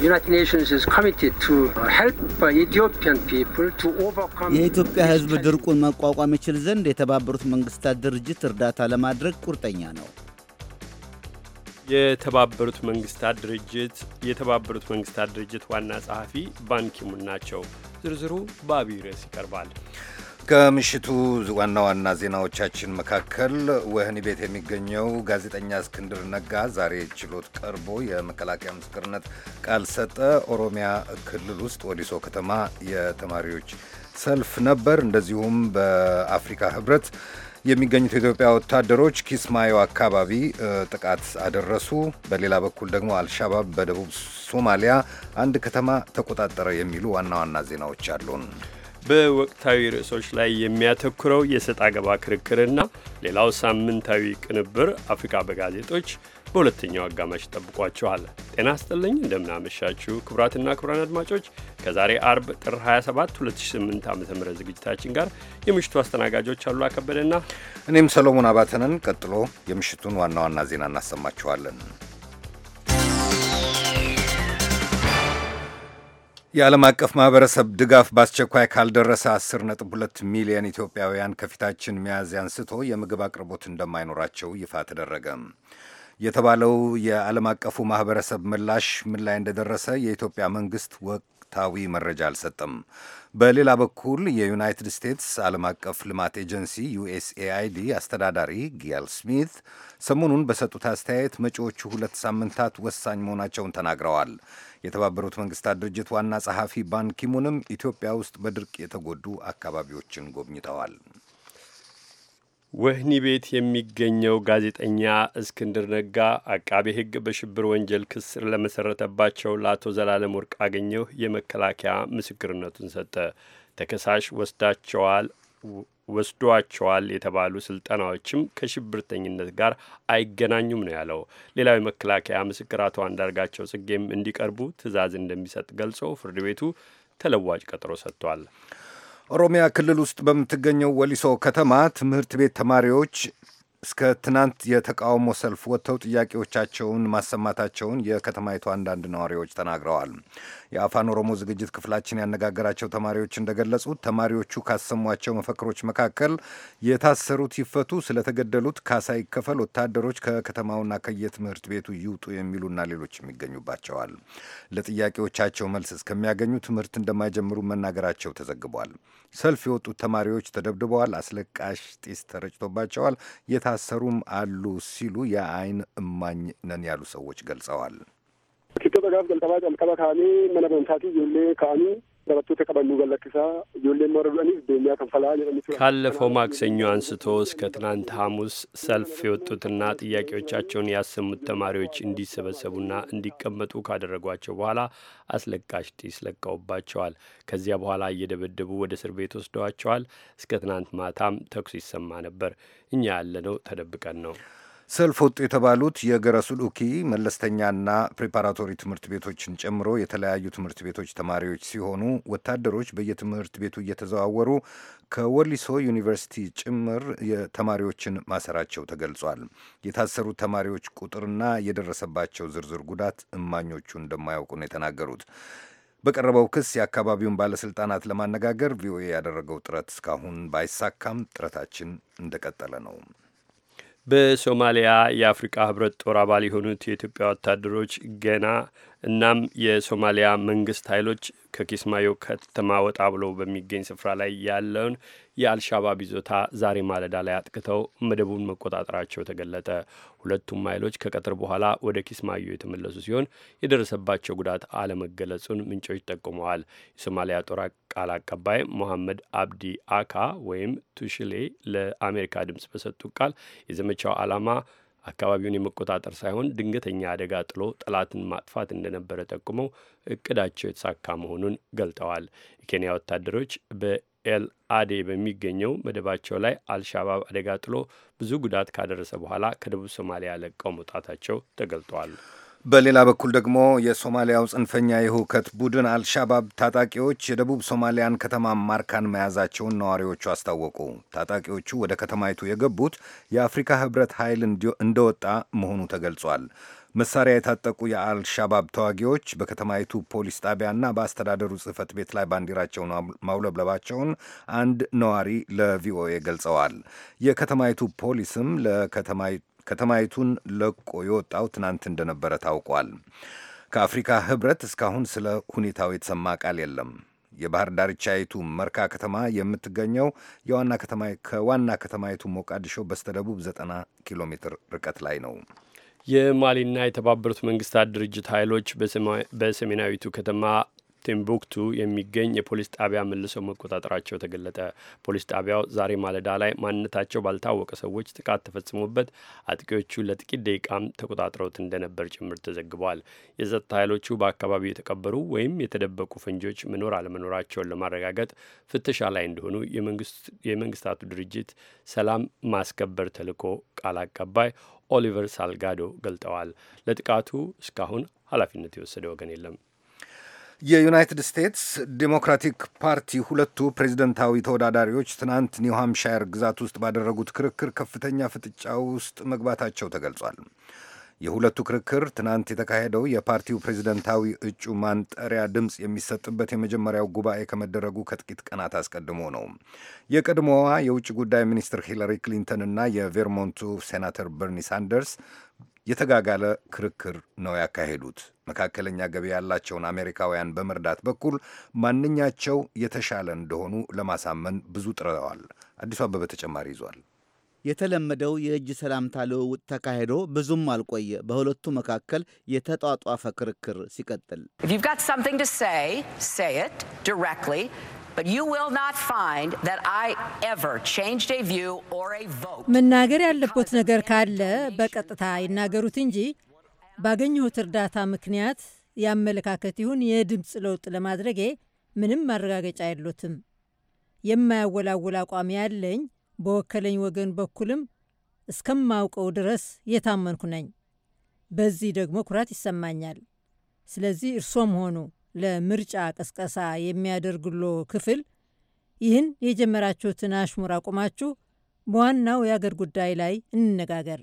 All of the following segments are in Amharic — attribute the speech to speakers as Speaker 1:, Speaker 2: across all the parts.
Speaker 1: Uh, የኢትዮጵያ
Speaker 2: ሕዝብ ድርቁን መቋቋም ይችል ዘንድ የተባበሩት መንግስታት ድርጅት እርዳታ ለማድረግ ቁርጠኛ ነው።
Speaker 3: የተባበሩት መንግስታት ድርጅት የተባበሩት መንግስታት ድርጅት ዋና ጸሐፊ ባንኪሙን ናቸው። ዝርዝሩ በአብይ ርዕስ ይቀርባል።
Speaker 4: ከምሽቱ ዋና ዋና ዜናዎቻችን መካከል ወህኒ ቤት የሚገኘው ጋዜጠኛ እስክንድር ነጋ ዛሬ ችሎት ቀርቦ የመከላከያ ምስክርነት ቃል ሰጠ። ኦሮሚያ ክልል ውስጥ ወዲሶ ከተማ የተማሪዎች ሰልፍ ነበር። እንደዚሁም በአፍሪካ ህብረት የሚገኙት የኢትዮጵያ ወታደሮች ኪስማዮ አካባቢ ጥቃት አደረሱ። በሌላ በኩል ደግሞ አልሻባብ በደቡብ ሶማሊያ አንድ ከተማ ተቆጣጠረ የሚሉ ዋና ዋና ዜናዎች አሉን።
Speaker 3: በወቅታዊ ርዕሶች ላይ የሚያተኩረው የሰጥ አገባ ክርክርና ሌላው ሳምንታዊ ቅንብር አፍሪካ በጋዜጦች በሁለተኛው አጋማሽ ይጠብቋችኋል። ጤና ስጥልኝ እንደምናመሻችሁ ክቡራትና ክቡራን አድማጮች ከዛሬ አርብ ጥር 27 2008 ዓ ም ዝግጅታችን ጋር የምሽቱ አስተናጋጆች አሉላ
Speaker 4: ከበደና እኔም ሰሎሞን አባተንን። ቀጥሎ የምሽቱን ዋና ዋና ዜና እናሰማችኋለን። የዓለም አቀፍ ማህበረሰብ ድጋፍ በአስቸኳይ ካልደረሰ 10.2 ሚሊዮን ኢትዮጵያውያን ከፊታችን ሚያዝያ አንስቶ የምግብ አቅርቦት እንደማይኖራቸው ይፋ ተደረገ። የተባለው የዓለም አቀፉ ማህበረሰብ ምላሽ ምን ላይ እንደደረሰ የኢትዮጵያ መንግስት ወቅታዊ መረጃ አልሰጠም። በሌላ በኩል የዩናይትድ ስቴትስ ዓለም አቀፍ ልማት ኤጀንሲ ዩኤስኤአይዲ አስተዳዳሪ ጊያል ስሚት ሰሞኑን በሰጡት አስተያየት መጪዎቹ ሁለት ሳምንታት ወሳኝ መሆናቸውን ተናግረዋል። የተባበሩት መንግስታት ድርጅት ዋና ጸሐፊ ባንኪሙንም ኢትዮጵያ ውስጥ በድርቅ የተጎዱ አካባቢዎችን ጎብኝተዋል።
Speaker 3: ወህኒ ቤት የሚገኘው ጋዜጠኛ እስክንድር ነጋ አቃቤ ሕግ በሽብር ወንጀል ክስ ለመሰረተባቸው ለአቶ ዘላለም ወርቅ አገኘሁ የመከላከያ ምስክርነቱን ሰጠ። ተከሳሽ ወስዳቸዋል ወስዷቸዋል የተባሉ ስልጠናዎችም ከሽብርተኝነት ጋር አይገናኙም ነው ያለው። ሌላው የመከላከያ ምስክር አቶ አንዳርጋቸው ጽጌም እንዲቀርቡ ትዕዛዝ እንደሚሰጥ ገልጾ ፍርድ ቤቱ ተለዋጭ ቀጠሮ ሰጥቷል።
Speaker 4: ኦሮሚያ ክልል ውስጥ በምትገኘው ወሊሶ ከተማ ትምህርት ቤት ተማሪዎች እስከ ትናንት የተቃውሞ ሰልፍ ወጥተው ጥያቄዎቻቸውን ማሰማታቸውን የከተማይቱ አንዳንድ ነዋሪዎች ተናግረዋል። የአፋን ኦሮሞ ዝግጅት ክፍላችን ያነጋገራቸው ተማሪዎች እንደገለጹት ተማሪዎቹ ካሰሟቸው መፈክሮች መካከል የታሰሩት ይፈቱ፣ ስለተገደሉት ካሳ ይከፈል፣ ወታደሮች ከከተማውና ከየትምህርት ቤቱ ይውጡ የሚሉና ሌሎችም ይገኙባቸዋል። ለጥያቄዎቻቸው መልስ እስከሚያገኙ ትምህርት እንደማይጀምሩ መናገራቸው ተዘግቧል። ሰልፍ የወጡት ተማሪዎች ተደብድበዋል፣ አስለቃሽ ጢስ ተረጭቶባቸዋል፣ የታሰሩም አሉ ሲሉ የአይን እማኝ ነን ያሉ ሰዎች ገልጸዋል።
Speaker 5: gaaf jalqabaa calqaba kaanii mana barumsaatii ijoollee kaanii taphattoota qaban nu galakkisaa ijoolleen warra du'aniif beenyaa kan falaa jedhani ካለፈው
Speaker 3: ማክሰኞ አንስቶ እስከ ትናንት ሐሙስ ሰልፍ የወጡትና ጥያቄዎቻቸውን ያሰሙት ተማሪዎች እንዲሰበሰቡና እንዲቀመጡ ካደረጓቸው በኋላ አስለቃሽ ጢስ ለቀውባቸዋል። ከዚያ በኋላ እየደበደቡ ወደ እስር ቤት ወስደዋቸዋል። እስከ ትናንት ማታም ተኩስ ይሰማ ነበር። እኛ ያለነው ተደብቀን ነው።
Speaker 4: ሰልፍ ወጡ የተባሉት የገረሱ ሉኪ መለስተኛና ፕሪፓራቶሪ ትምህርት ቤቶችን ጨምሮ የተለያዩ ትምህርት ቤቶች ተማሪዎች ሲሆኑ ወታደሮች በየትምህርት ቤቱ እየተዘዋወሩ ከወሊሶ ዩኒቨርሲቲ ጭምር ተማሪዎችን ማሰራቸው ተገልጿል። የታሰሩት ተማሪዎች ቁጥርና የደረሰባቸው ዝርዝር ጉዳት እማኞቹ እንደማያውቁ ነው የተናገሩት። በቀረበው ክስ የአካባቢውን ባለስልጣናት ለማነጋገር ቪኦኤ ያደረገው ጥረት እስካሁን ባይሳካም ጥረታችን እንደቀጠለ ነው።
Speaker 3: በሶማሊያ የአፍሪቃ ህብረት ጦር አባል የሆኑት የኢትዮጵያ ወታደሮች ገና እናም የሶማሊያ መንግስት ኃይሎች ከኪስማዮ ከተማ ወጣ ብሎ በሚገኝ ስፍራ ላይ ያለውን የአልሻባብ ይዞታ ዛሬ ማለዳ ላይ አጥቅተው መደቡን መቆጣጠራቸው ተገለጠ። ሁለቱም ኃይሎች ከቀትር በኋላ ወደ ኪስማዮ የተመለሱ ሲሆን የደረሰባቸው ጉዳት አለመገለጹን ምንጮች ጠቁመዋል። የሶማሊያ ጦር ቃል አቀባይ ሞሐመድ አብዲ አካ ወይም ቱሽሌ ለአሜሪካ ድምፅ በሰጡት ቃል የዘመቻው ዓላማ አካባቢውን የመቆጣጠር ሳይሆን ድንገተኛ አደጋ ጥሎ ጠላትን ማጥፋት እንደነበረ ጠቁመው እቅዳቸው የተሳካ መሆኑን ገልጠዋል። የኬንያ ወታደሮች በ ኤል አዴ በሚገኘው መደባቸው ላይ አልሻባብ አደጋ ጥሎ ብዙ ጉዳት ካደረሰ በኋላ ከደቡብ ሶማሊያ ለቀው መውጣታቸው ተገልጧል።
Speaker 4: በሌላ በኩል ደግሞ የሶማሊያው ጽንፈኛ የሁከት ቡድን አልሻባብ ታጣቂዎች የደቡብ ሶማሊያን ከተማ ማርካን መያዛቸውን ነዋሪዎቹ አስታወቁ። ታጣቂዎቹ ወደ ከተማይቱ የገቡት የአፍሪካ ሕብረት ኃይል እንደወጣ መሆኑ ተገልጿል። መሳሪያ የታጠቁ የአልሻባብ ተዋጊዎች በከተማይቱ ፖሊስ ጣቢያና በአስተዳደሩ ጽህፈት ቤት ላይ ባንዲራቸውን ማውለብለባቸውን አንድ ነዋሪ ለቪኦኤ ገልጸዋል። የከተማይቱ ፖሊስም ከተማይቱን ለቆ የወጣው ትናንት እንደነበረ ታውቋል። ከአፍሪካ ህብረት እስካሁን ስለ ሁኔታው የተሰማ ቃል የለም። የባህር ዳርቻይቱ መርካ ከተማ የምትገኘው የዋና ከተማ ከዋና ከተማይቱ ሞቃዲሾ በስተደቡብ 90 ኪሎ ሜትር ርቀት ላይ ነው።
Speaker 3: የማሊና የተባበሩት መንግስታት ድርጅት ኃይሎች በሰሜናዊቱ ከተማ ቲምቡክቱ የሚገኝ የፖሊስ ጣቢያ መልሰው መቆጣጠራቸው ተገለጠ። ፖሊስ ጣቢያው ዛሬ ማለዳ ላይ ማንነታቸው ባልታወቀ ሰዎች ጥቃት ተፈጽሞበት አጥቂዎቹ ለጥቂት ደቂቃም ተቆጣጥረውት እንደነበር ጭምር ተዘግቧል። የጸጥታ ኃይሎቹ በአካባቢው የተቀበሩ ወይም የተደበቁ ፈንጂዎች መኖር አለመኖራቸውን ለማረጋገጥ ፍተሻ ላይ እንደሆኑ የመንግስታቱ ድርጅት ሰላም ማስከበር ተልዕኮ ቃል አቀባይ ኦሊቨር ሳልጋዶ ገልጠዋል። ለጥቃቱ እስካሁን ኃላፊነት የወሰደ ወገን የለም።
Speaker 4: የዩናይትድ ስቴትስ ዴሞክራቲክ ፓርቲ ሁለቱ ፕሬዝደንታዊ ተወዳዳሪዎች ትናንት ኒው ግዛት ውስጥ ባደረጉት ክርክር ከፍተኛ ፍጥጫ ውስጥ መግባታቸው ተገልጿል። የሁለቱ ክርክር ትናንት የተካሄደው የፓርቲው ፕሬዚደንታዊ እጩ ማንጠሪያ ድምፅ የሚሰጥበት የመጀመሪያው ጉባኤ ከመደረጉ ከጥቂት ቀናት አስቀድሞ ነው። የቀድሞዋ የውጭ ጉዳይ ሚኒስትር ሂለሪ እና የቬርሞንቱ ሴናተር በርኒ ሳንደርስ የተጋጋለ ክርክር ነው ያካሄዱት። መካከለኛ ገቢ ያላቸውን አሜሪካውያን በመርዳት በኩል ማንኛቸው የተሻለ እንደሆኑ ለማሳመን ብዙ ጥረዋል። አዲሱ አበበ ተጨማሪ ይዟል። የተለመደው የእጅ ሰላምታ ልውውጥ ተካሂዶ ብዙም አልቆየ። በሁለቱ መካከል
Speaker 2: የተጧጧፈ ክርክር ሲቀጥል
Speaker 6: መናገር ያለቦት ነገር ካለ በቀጥታ ይናገሩት እንጂ ባገኘሁት እርዳታ ምክንያት የአመለካከት ይሁን የድምፅ ለውጥ ለማድረጌ ምንም ማረጋገጫ የሎትም። የማያወላውል አቋም ያለኝ በወከለኝ ወገን በኩልም እስከማውቀው ድረስ የታመንኩ ነኝ። በዚህ ደግሞ ኩራት ይሰማኛል። ስለዚህ እርሶም ሆኑ ለምርጫ ቀስቀሳ የሚያደርግሎ ክፍል ይህን የጀመራችሁትን አሽሙር አቁማችሁ በዋናው የአገር ጉዳይ ላይ እንነጋገር።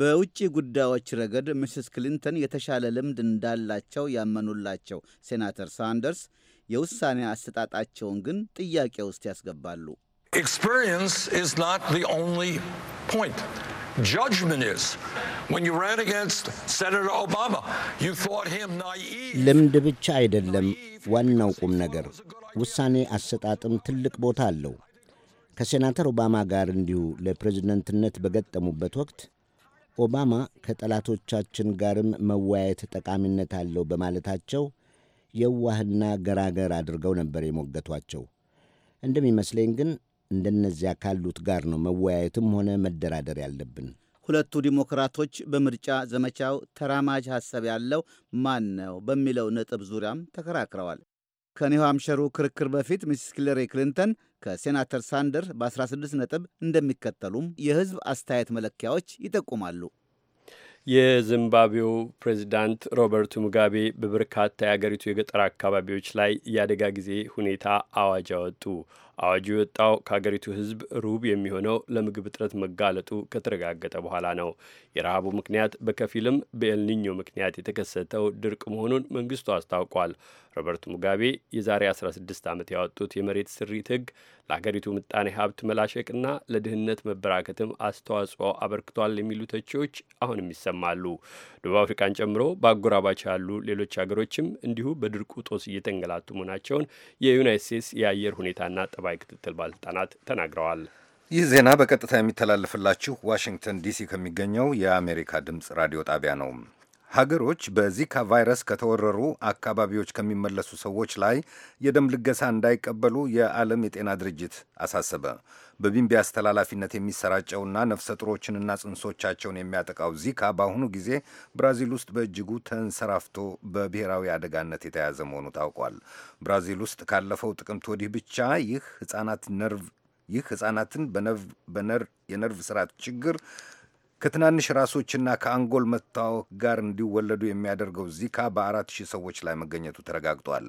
Speaker 2: በውጭ ጉዳዮች ረገድ ሚስስ ክሊንተን የተሻለ ልምድ እንዳላቸው ያመኑላቸው ሴናተር ሳንደርስ የውሳኔ አሰጣጣቸውን ግን ጥያቄ ውስጥ ያስገባሉ።
Speaker 7: Experience is not the only
Speaker 6: point. Judgment is. When you ran against Senator Obama, you thought him naive.
Speaker 8: ልምድ ብቻ አይደለም ዋናው ቁም ነገር። ውሳኔ አሰጣጥም ትልቅ ቦታ አለው። ከሴናተር ኦባማ ጋር እንዲሁ ለፕሬዝደንትነት በገጠሙበት ወቅት ኦባማ ከጠላቶቻችን ጋርም መወያየት ጠቃሚነት አለው በማለታቸው የዋህና ገራገር አድርገው ነበር የሞገቷቸው። እንደሚመስለኝ ግን እንደነዚያ ካሉት ጋር ነው መወያየትም ሆነ መደራደር ያለብን።
Speaker 2: ሁለቱ ዲሞክራቶች በምርጫ ዘመቻው ተራማጅ ሐሳብ ያለው ማን ነው በሚለው ነጥብ ዙሪያም ተከራክረዋል። ከኒው ሃምፕሸሩ ክርክር በፊት ሚስስ ሂለሪ ክሊንተን ከሴናተር ሳንደር በ16 ነጥብ እንደሚከተሉም የሕዝብ አስተያየት መለኪያዎች ይጠቁማሉ።
Speaker 3: የዚምባብዌው ፕሬዚዳንት ሮበርት ሙጋቤ በበርካታ የአገሪቱ የገጠር አካባቢዎች ላይ የአደጋ ጊዜ ሁኔታ አዋጅ አወጡ። አዋጁ የወጣው ከሀገሪቱ ሕዝብ ሩብ የሚሆነው ለምግብ እጥረት መጋለጡ ከተረጋገጠ በኋላ ነው። የረሃቡ ምክንያት በከፊልም በኤልኒኞ ምክንያት የተከሰተው ድርቅ መሆኑን መንግስቱ አስታውቋል። ሮበርት ሙጋቤ የዛሬ 16 ዓመት ያወጡት የመሬት ስሪት ሕግ ለአገሪቱ ምጣኔ ሀብት መላሸቅና ለድህነት መበራከትም አስተዋጽኦ አበርክቷል የሚሉ ተቺዎች አሁንም ይሰማሉ። ደቡብ አፍሪካን ጨምሮ በአጎራባች ያሉ ሌሎች ሀገሮችም እንዲሁ በድርቁ ጦስ እየተንገላቱ መሆናቸውን የዩናይት ስቴትስ የአየር ሁኔታና ጠባይ ክትትል ባለስልጣናት ተናግረዋል።
Speaker 4: ይህ ዜና በቀጥታ የሚተላለፍላችሁ ዋሽንግተን ዲሲ ከሚገኘው የአሜሪካ ድምፅ ራዲዮ ጣቢያ ነው። ሀገሮች በዚካ ቫይረስ ከተወረሩ አካባቢዎች ከሚመለሱ ሰዎች ላይ የደም ልገሳ እንዳይቀበሉ የዓለም የጤና ድርጅት አሳሰበ። በቢምቢ አስተላላፊነት የሚሰራጨውና ነፍሰ ጽንሶቻቸውን የሚያጠቃው ዚካ በአሁኑ ጊዜ ብራዚል ውስጥ በእጅጉ ተንሰራፍቶ በብሔራዊ አደጋነት የተያዘ መሆኑ ታውቋል። ብራዚል ውስጥ ካለፈው ጥቅምት ወዲህ ብቻ ይህ ህጻናት ነርቭ ይህ ህጻናትን የነርቭ ስርዓት ችግር ከትናንሽ ራሶችና ከአንጎል መታወክ ጋር እንዲወለዱ የሚያደርገው ዚካ በአራት ሺህ ሰዎች ላይ መገኘቱ ተረጋግጧል።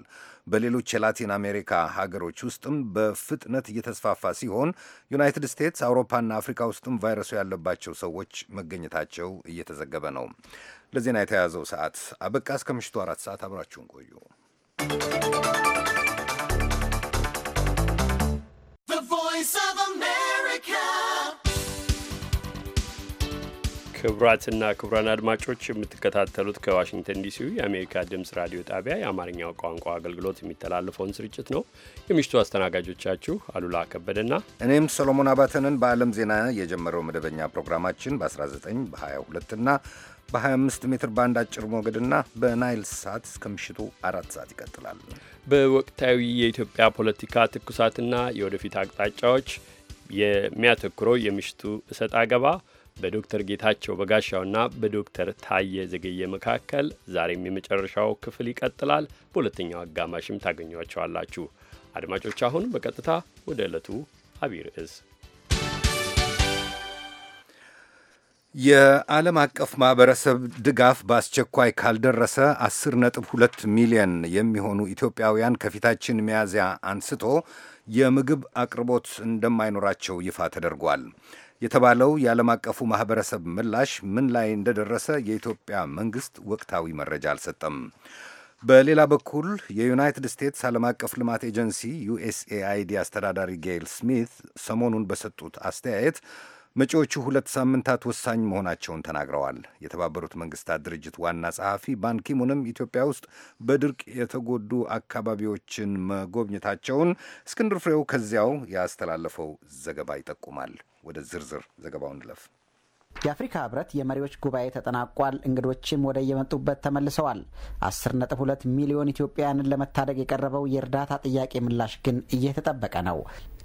Speaker 4: በሌሎች የላቲን አሜሪካ ሀገሮች ውስጥም በፍጥነት እየተስፋፋ ሲሆን ዩናይትድ ስቴትስ፣ አውሮፓና አፍሪካ ውስጥም ቫይረሱ ያለባቸው ሰዎች መገኘታቸው እየተዘገበ ነው። ለዜና የተያዘው ሰዓት አበቃ። እስከ ምሽቱ አራት ሰዓት አብራችሁን ቆዩ።
Speaker 3: ክቡራትና ክቡራን አድማጮች የምትከታተሉት ከዋሽንግተን ዲሲው የአሜሪካ ድምፅ ራዲዮ ጣቢያ የአማርኛው ቋንቋ አገልግሎት የሚተላለፈውን ስርጭት ነው። የምሽቱ አስተናጋጆቻችሁ አሉላ ከበደና
Speaker 4: እኔም ሰሎሞን አባተንን በዓለም ዜና የጀመረው መደበኛ ፕሮግራማችን በ19 22 በ25 ሜትር ባንድ አጭር ሞገድና በናይል ሳት እስከ ምሽቱ አራት ሰዓት ይቀጥላል።
Speaker 3: በወቅታዊ የኢትዮጵያ ፖለቲካ ትኩሳትና የወደፊት አቅጣጫዎች የሚያተኩረው የምሽቱ እሰጥ አገባ በዶክተር ጌታቸው በጋሻውና በዶክተር ታየ ዘገየ መካከል ዛሬም የመጨረሻው ክፍል ይቀጥላል። በሁለተኛው አጋማሽም ታገኟቸዋላችሁ። አድማጮች፣ አሁን በቀጥታ ወደ ዕለቱ አብይ ርዕስ
Speaker 4: የዓለም አቀፍ ማኅበረሰብ ድጋፍ በአስቸኳይ ካልደረሰ 10.2 ሚሊዮን የሚሆኑ ኢትዮጵያውያን ከፊታችን ሚያዝያ አንስቶ የምግብ አቅርቦት እንደማይኖራቸው ይፋ ተደርጓል። የተባለው የዓለም አቀፉ ማኅበረሰብ ምላሽ ምን ላይ እንደደረሰ የኢትዮጵያ መንግሥት ወቅታዊ መረጃ አልሰጠም። በሌላ በኩል የዩናይትድ ስቴትስ ዓለም አቀፍ ልማት ኤጀንሲ ዩኤስኤአይዲ አስተዳዳሪ ጌይል ስሚት ሰሞኑን በሰጡት አስተያየት መጪዎቹ ሁለት ሳምንታት ወሳኝ መሆናቸውን ተናግረዋል። የተባበሩት መንግስታት ድርጅት ዋና ጸሐፊ ባንኪሙንም ኢትዮጵያ ውስጥ በድርቅ የተጎዱ አካባቢዎችን መጎብኘታቸውን እስክንድር ፍሬው ከዚያው ያስተላለፈው ዘገባ ይጠቁማል። ወደ ዝርዝር ዘገባው እንለፍ።
Speaker 9: የአፍሪካ ህብረት የመሪዎች ጉባኤ ተጠናቋል። እንግዶችም ወደ የመጡበት ተመልሰዋል። 10.2 ሚሊዮን ኢትዮጵያውያንን ለመታደግ የቀረበው የእርዳታ ጥያቄ ምላሽ ግን እየተጠበቀ ነው።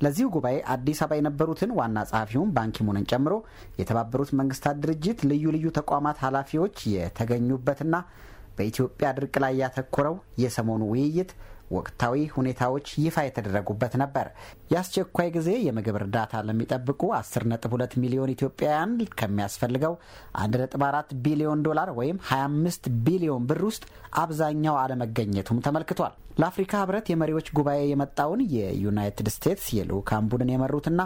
Speaker 9: ለዚሁ ጉባኤ አዲስ አበባ የነበሩትን ዋና ጸሐፊውን ባንኪሙንን ጨምሮ የተባበሩት መንግስታት ድርጅት ልዩ ልዩ ተቋማት ኃላፊዎች የተገኙበትና በኢትዮጵያ ድርቅ ላይ ያተኮረው የሰሞኑ ውይይት ወቅታዊ ሁኔታዎች ይፋ የተደረጉበት ነበር። የአስቸኳይ ጊዜ የምግብ እርዳታ ለሚጠብቁ 10.2 ሚሊዮን ኢትዮጵያውያን ከሚያስፈልገው 1.4 ቢሊዮን ዶላር ወይም 25 ቢሊዮን ብር ውስጥ አብዛኛው አለመገኘቱም ተመልክቷል። ለአፍሪካ ህብረት የመሪዎች ጉባኤ የመጣውን የዩናይትድ ስቴትስ የልዑካን ቡድን የመሩትና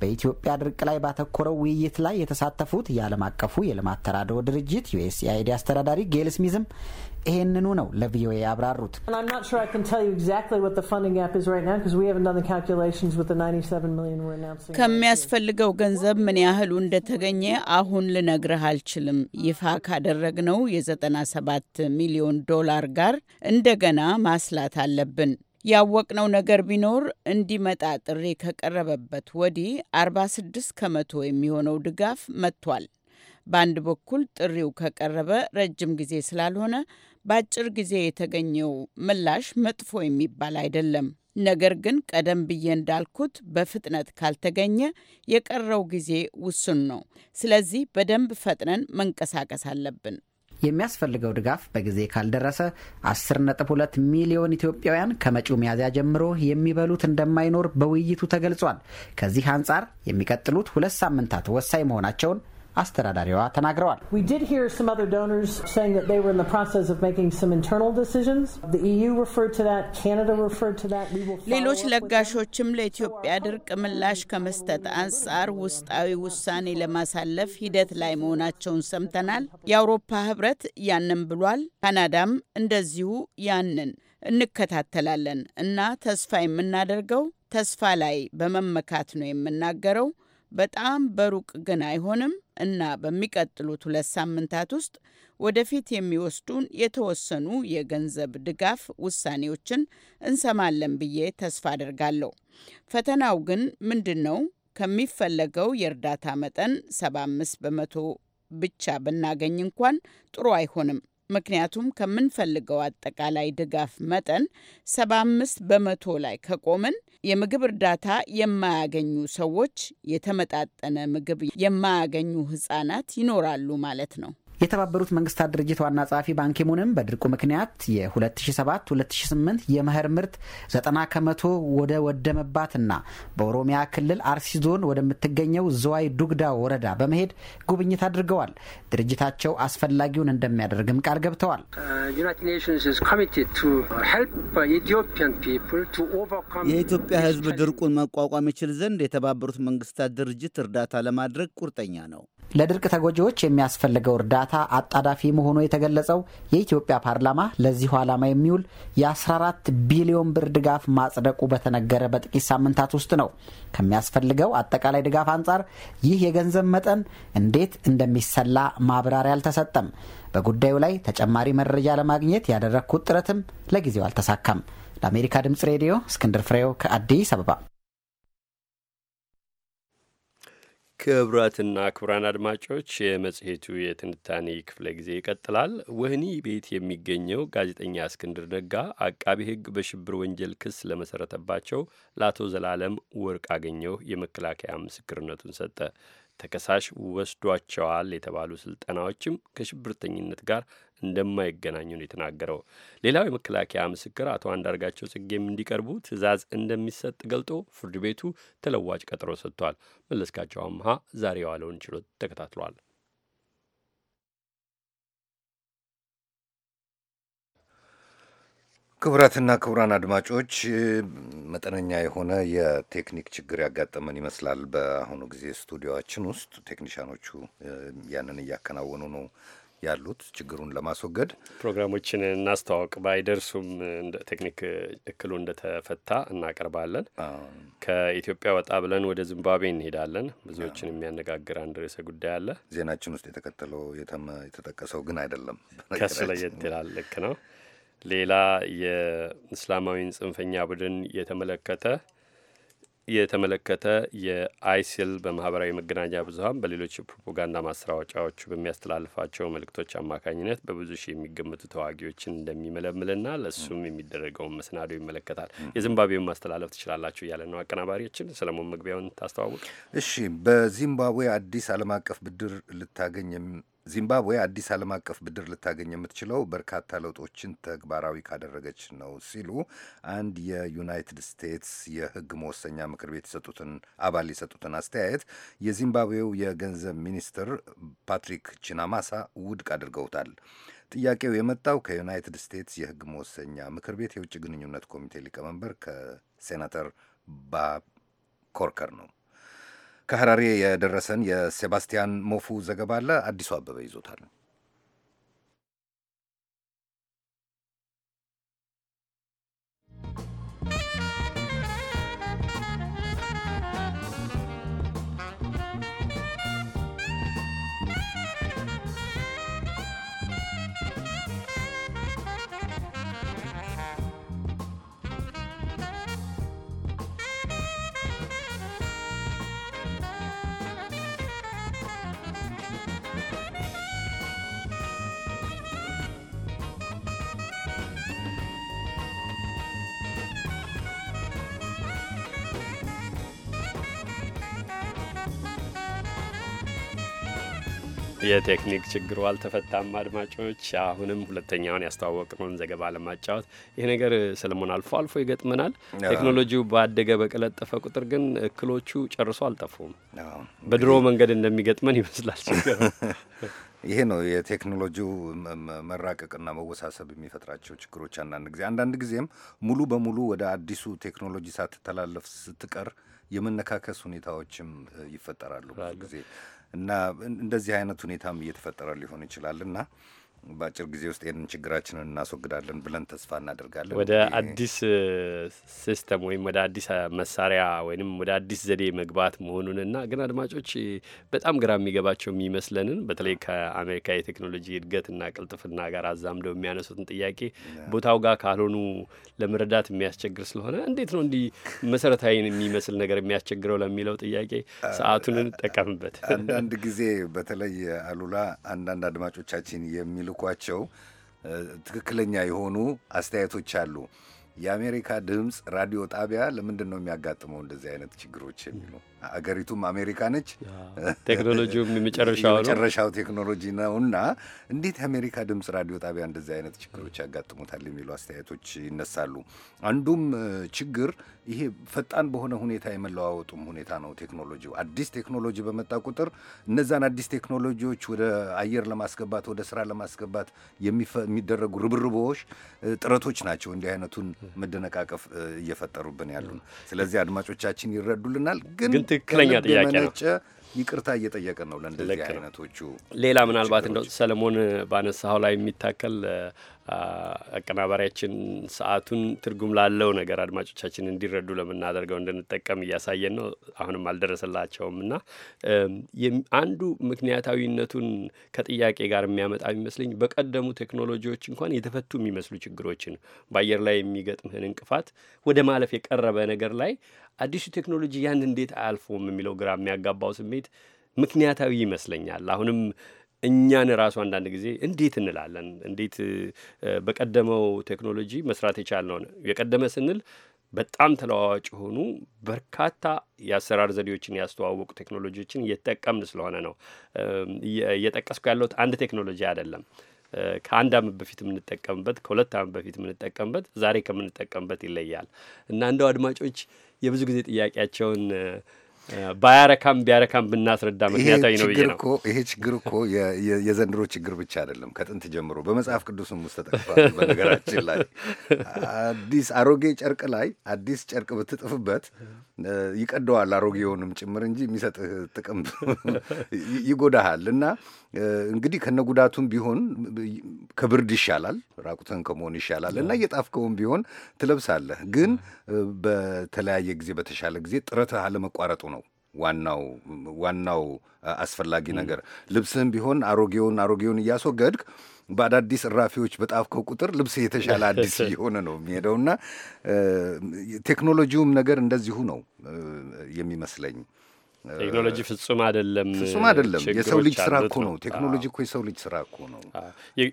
Speaker 9: በኢትዮጵያ ድርቅ ላይ ባተኮረው ውይይት ላይ የተሳተፉት የዓለም አቀፉ የልማት ተራድኦ ድርጅት ዩኤስኤአይዲ አስተዳዳሪ ጌል ስሚዝም ይህንኑ ነው ለቪኦኤ ያብራሩት።
Speaker 10: ከሚያስፈልገው ገንዘብ ምን ያህሉ እንደተገኘ አሁን ልነግርህ አልችልም። ይፋ ካደረግነው የ97 ሚሊዮን ዶላር ጋር እንደገና ማስላት አለብን። ያወቅነው ነገር ቢኖር እንዲመጣ ጥሪ ከቀረበበት ወዲህ 46 ከመቶ የሚሆነው ድጋፍ መጥቷል። በአንድ በኩል ጥሪው ከቀረበ ረጅም ጊዜ ስላልሆነ በአጭር ጊዜ የተገኘው ምላሽ መጥፎ የሚባል አይደለም። ነገር ግን ቀደም ብዬ እንዳልኩት በፍጥነት ካልተገኘ የቀረው ጊዜ ውሱን ነው። ስለዚህ በደንብ ፈጥነን መንቀሳቀስ አለብን።
Speaker 9: የሚያስፈልገው ድጋፍ በጊዜ ካልደረሰ 10.2 ሚሊዮን ኢትዮጵያውያን ከመጪው ሚያዝያ ጀምሮ የሚበሉት እንደማይኖር በውይይቱ ተገልጿል። ከዚህ አንጻር የሚቀጥሉት ሁለት ሳምንታት ወሳኝ መሆናቸውን አስተዳዳሪዋ ተናግረዋል። e
Speaker 10: ሌሎች ለጋሾችም ለኢትዮጵያ ድርቅ ምላሽ ከመስጠት አንጻር ውስጣዊ ውሳኔ ለማሳለፍ ሂደት ላይ መሆናቸውን ሰምተናል። የአውሮፓ ህብረት ያንን ብሏል። ካናዳም እንደዚሁ ያንን እንከታተላለን እና ተስፋ የምናደርገው ተስፋ ላይ በመመካት ነው የምናገረው በጣም በሩቅ ግን አይሆንም እና በሚቀጥሉት ሁለት ሳምንታት ውስጥ ወደፊት የሚወስዱን የተወሰኑ የገንዘብ ድጋፍ ውሳኔዎችን እንሰማለን ብዬ ተስፋ አድርጋለሁ ፈተናው ግን ምንድን ነው? ከሚፈለገው የእርዳታ መጠን 75 በመቶ ብቻ ብናገኝ እንኳን ጥሩ አይሆንም። ምክንያቱም ከምንፈልገው አጠቃላይ ድጋፍ መጠን 75 በመቶ ላይ ከቆምን የምግብ እርዳታ የማያገኙ ሰዎች፣ የተመጣጠነ ምግብ የማያገኙ ህጻናት ይኖራሉ ማለት ነው።
Speaker 9: የተባበሩት መንግስታት ድርጅት ዋና ጸሐፊ ባንኪሙንም በድርቁ ምክንያት የ2007-2008 የመኸር ምርት 90 ከመቶ ወደ ወደመባትና በኦሮሚያ ክልል አርሲ ዞን ወደምትገኘው ዝዋይ ዱግዳ ወረዳ በመሄድ ጉብኝት አድርገዋል። ድርጅታቸው አስፈላጊውን እንደሚያደርግም ቃል ገብተዋል።
Speaker 1: uh, uh, የኢትዮጵያ ሕዝብ
Speaker 2: ድርቁን መቋቋም ይችል ዘንድ የተባበሩት መንግስታት ድርጅት እርዳታ ለማድረግ ቁርጠኛ ነው።
Speaker 9: ለድርቅ ተጎጂዎች የሚያስፈልገው እርዳታ እርዳታ አጣዳፊ መሆኑ የተገለጸው የኢትዮጵያ ፓርላማ ለዚሁ ዓላማ የሚውል የ14 ቢሊዮን ብር ድጋፍ ማጽደቁ በተነገረ በጥቂት ሳምንታት ውስጥ ነው። ከሚያስፈልገው አጠቃላይ ድጋፍ አንጻር ይህ የገንዘብ መጠን እንዴት እንደሚሰላ ማብራሪያ አልተሰጠም። በጉዳዩ ላይ ተጨማሪ መረጃ ለማግኘት ያደረግኩት ጥረትም ለጊዜው አልተሳካም። ለአሜሪካ ድምፅ ሬዲዮ እስክንድር ፍሬው ከአዲስ አበባ
Speaker 3: ክቡራትና ክቡራን አድማጮች የመጽሔቱ የትንታኔ ክፍለ ጊዜ ይቀጥላል። ወህኒ ቤት የሚገኘው ጋዜጠኛ እስክንድር ነጋ አቃቢ ሕግ በሽብር ወንጀል ክስ ለመሰረተባቸው ለአቶ ዘላለም ወርቅ አገኘው የመከላከያ ምስክርነቱን ሰጠ። ተከሳሽ ወስዷቸዋል የተባሉ ስልጠናዎችም ከሽብርተኝነት ጋር እንደማይገናኙ ነው የተናገረው። ሌላው የመከላከያ ምስክር አቶ አንዳርጋቸው ጽጌም እንዲቀርቡ ትዕዛዝ እንደሚሰጥ ገልጦ ፍርድ ቤቱ ተለዋጭ ቀጠሮ ሰጥቷል። መለስካቸው አምሃ ዛሬ የዋለውን ችሎት ተከታትሏል።
Speaker 4: ክቡራትና ክቡራን አድማጮች መጠነኛ የሆነ የቴክኒክ ችግር ያጋጠመን ይመስላል። በአሁኑ ጊዜ ስቱዲዮችን ውስጥ ቴክኒሻኖቹ ያንን እያከናወኑ ነው ያሉት ችግሩን ለማስወገድ
Speaker 3: ፕሮግራሞችን እናስተዋወቅ። ባይደርሱም ቴክኒክ እክሉ እንደተፈታ እናቀርባለን። ከኢትዮጵያ ወጣ ብለን ወደ ዚምባብዌ እንሄዳለን። ብዙዎችን የሚያነጋግር አንድ ርዕሰ ጉዳይ አለ። ዜናችን ውስጥ የተከተለው የተጠቀሰው ግን አይደለም። ከሱ ለየት ይላል። ልክ ነው። ሌላ የእስላማዊን ጽንፈኛ ቡድን የተመለከተ የተመለከተ የአይሲል በማህበራዊ መገናኛ ብዙሀን በሌሎች የፕሮፓጋንዳ ማሰራጫዎቹ በሚያስተላልፋቸው መልእክቶች አማካኝነት በብዙ ሺህ የሚገመቱ ተዋጊዎችን እንደሚመለምልና ለእሱም የሚደረገውን መሰናዶ ይመለከታል። የዚምባብዌን ማስተላለፍ ትችላላችሁ እያለ ነው አቀናባሪዎችን። ሰለሞን መግቢያውን ታስተዋውቅ።
Speaker 4: እሺ፣ በዚምባብዌ አዲስ ዓለም አቀፍ ብድር ልታገኝ ዚምባብዌ አዲስ ዓለም አቀፍ ብድር ልታገኝ የምትችለው በርካታ ለውጦችን ተግባራዊ ካደረገች ነው ሲሉ አንድ የዩናይትድ ስቴትስ የሕግ መወሰኛ ምክር ቤት የሰጡትን አባል የሰጡትን አስተያየት የዚምባብዌው የገንዘብ ሚኒስትር ፓትሪክ ቺናማሳ ውድቅ አድርገውታል። ጥያቄው የመጣው ከዩናይትድ ስቴትስ የሕግ መወሰኛ ምክር ቤት የውጭ ግንኙነት ኮሚቴ ሊቀመንበር ከሴናተር ባብ ኮርከር ነው። ከሐራሬ የደረሰን የሴባስቲያን ሞፉ ዘገባ አለ። አዲሱ አበበ ይዞታል።
Speaker 3: የቴክኒክ ችግሩ አልተፈታም። አድማጮች አሁንም ሁለተኛውን ያስተዋወቅነውን ዘገባ ለማጫወት ይህ ነገር ሰለሞን አልፎ አልፎ ይገጥመናል። ቴክኖሎጂው ባደገ በቀለጠፈ ቁጥር ግን እክሎቹ ጨርሶ አልጠፉም። በድሮ
Speaker 4: መንገድ እንደሚገጥመን ይመስላል። ችግር ይሄ ነው። የቴክኖሎጂው መራቀቅና መወሳሰብ የሚፈጥራቸው ችግሮች አንዳንድ ጊዜ አንዳንድ ጊዜም ሙሉ በሙሉ ወደ አዲሱ ቴክኖሎጂ ሳትተላለፍ ስትቀር የመነካከስ ሁኔታዎችም ይፈጠራሉ ብዙ ጊዜ እና እንደዚህ አይነት ሁኔታም እየተፈጠረ ሊሆን ይችላል እና በአጭር ጊዜ ውስጥ ይህንን ችግራችንን እናስወግዳለን ብለን ተስፋ እናደርጋለን። ወደ አዲስ
Speaker 3: ሲስተም ወይም ወደ አዲስ መሳሪያ ወይም ወደ አዲስ ዘዴ መግባት መሆኑንና ግን አድማጮች በጣም ግራ የሚገባቸው የሚመስለንን በተለይ ከአሜሪካ የቴክኖሎጂ እድገትና ቅልጥፍና ጋር አዛምደው የሚያነሱትን ጥያቄ ቦታው ጋር ካልሆኑ ለመረዳት የሚያስቸግር ስለሆነ እንዴት ነው እንዲህ መሰረታዊን የሚመስል ነገር የሚያስቸግረው ለሚለው ጥያቄ ሰዓቱን እንጠቀምበት። አንዳንድ
Speaker 4: ጊዜ በተለይ አሉላ አንዳንድ አድማጮቻችን የሚል የምትልኳቸው ትክክለኛ የሆኑ አስተያየቶች አሉ። የአሜሪካ ድምፅ ራዲዮ ጣቢያ ለምንድን ነው የሚያጋጥመው እንደዚህ አይነት ችግሮች የሚሉ አገሪቱም አሜሪካ ነች። ቴክኖሎጂውም የመጨረሻው ቴክኖሎጂ ነው እና እንዴት የአሜሪካ ድምፅ ራዲዮ ጣቢያ እንደዚህ አይነት ችግሮች ያጋጥሙታል የሚሉ አስተያየቶች ይነሳሉ። አንዱም ችግር ይሄ ፈጣን በሆነ ሁኔታ የመለዋወጡም ሁኔታ ነው። ቴክኖሎጂው አዲስ ቴክኖሎጂ በመጣ ቁጥር እነዛን አዲስ ቴክኖሎጂዎች ወደ አየር ለማስገባት ወደ ስራ ለማስገባት የሚደረጉ ርብርቦች፣ ጥረቶች ናቸው እንዲህ አይነቱን መደነቃቀፍ እየፈጠሩብን ያሉ ስለዚህ አድማጮቻችን ይረዱልናል ግን ትክክለኛ ጥያቄ ነው። ይቅርታ እየጠየቀ ነው ለእንደዚህ አይነቶቹ። ሌላ ምናልባት እንደው
Speaker 3: ሰለሞን ባነሳው ላይ የሚታከል አቀናባሪያችን ሰዓቱን ትርጉም ላለው ነገር አድማጮቻችን እንዲረዱ ለምናደርገው እንድንጠቀም እያሳየን ነው። አሁንም አልደረሰላቸውም እና አንዱ ምክንያታዊነቱን ከጥያቄ ጋር የሚያመጣ የሚመስለኝ በቀደሙ ቴክኖሎጂዎች እንኳን የተፈቱ የሚመስሉ ችግሮችን በአየር ላይ የሚገጥምህን እንቅፋት ወደ ማለፍ የቀረበ ነገር ላይ አዲሱ ቴክኖሎጂ ያን እንዴት አያልፎም የሚለው ግራ የሚያጋባው ስሜት ምክንያታዊ ይመስለኛል። አሁንም እኛን ራሱ አንዳንድ ጊዜ እንዴት እንላለን? እንዴት በቀደመው ቴክኖሎጂ መስራት የቻልነው የቀደመ ስንል በጣም ተለዋዋጭ የሆኑ በርካታ የአሰራር ዘዴዎችን ያስተዋወቁ ቴክኖሎጂዎችን እየተጠቀምን ስለሆነ ነው። እየጠቀስኩ ያለሁት አንድ ቴክኖሎጂ አይደለም። ከአንድ ዓመት በፊት የምንጠቀምበት ከሁለት ዓመት በፊት የምንጠቀምበት ዛሬ ከምንጠቀምበት ይለያል እና እንደው አድማጮች የብዙ ጊዜ ጥያቄያቸውን ባያረካም ቢያረካም ብናስረዳ ምክንያታዊ ነው ብዬ ነው።
Speaker 4: ይሄ ችግር እኮ የዘንድሮ ችግር ብቻ አይደለም። ከጥንት ጀምሮ በመጽሐፍ ቅዱስም ውስጥ ተጠቅፋል። በነገራችን ላይ አዲስ አሮጌ ጨርቅ ላይ አዲስ ጨርቅ ብትጥፍበት ይቀደዋል አሮጌውንም ጭምር እንጂ የሚሰጥህ ጥቅም ይጎዳሃል። እና እንግዲህ ከነ ጉዳቱም ቢሆን ከብርድ ይሻላል፣ ራቁትህን ከመሆን ይሻላል እና እየጣፍከውም ቢሆን ትለብሳለህ። ግን በተለያየ ጊዜ በተሻለ ጊዜ ጥረትህ አለመቋረጡ ነው ዋናው ዋናው አስፈላጊ ነገር። ልብስህም ቢሆን አሮጌውን አሮጌውን እያስወገድክ በአዳዲስ እራፊዎች በጣፍከው ቁጥር ልብስ የተሻለ አዲስ እየሆነ ነው የሚሄደውና ቴክኖሎጂውም ነገር እንደዚሁ ነው የሚመስለኝ።
Speaker 3: ቴክኖሎጂ ፍጹም አይደለም፣ ፍጹም አይደለም። የሰው ልጅ ስራ እኮ ነው። ቴክኖሎጂ
Speaker 4: እኮ የሰው ልጅ ስራ እኮ ነው።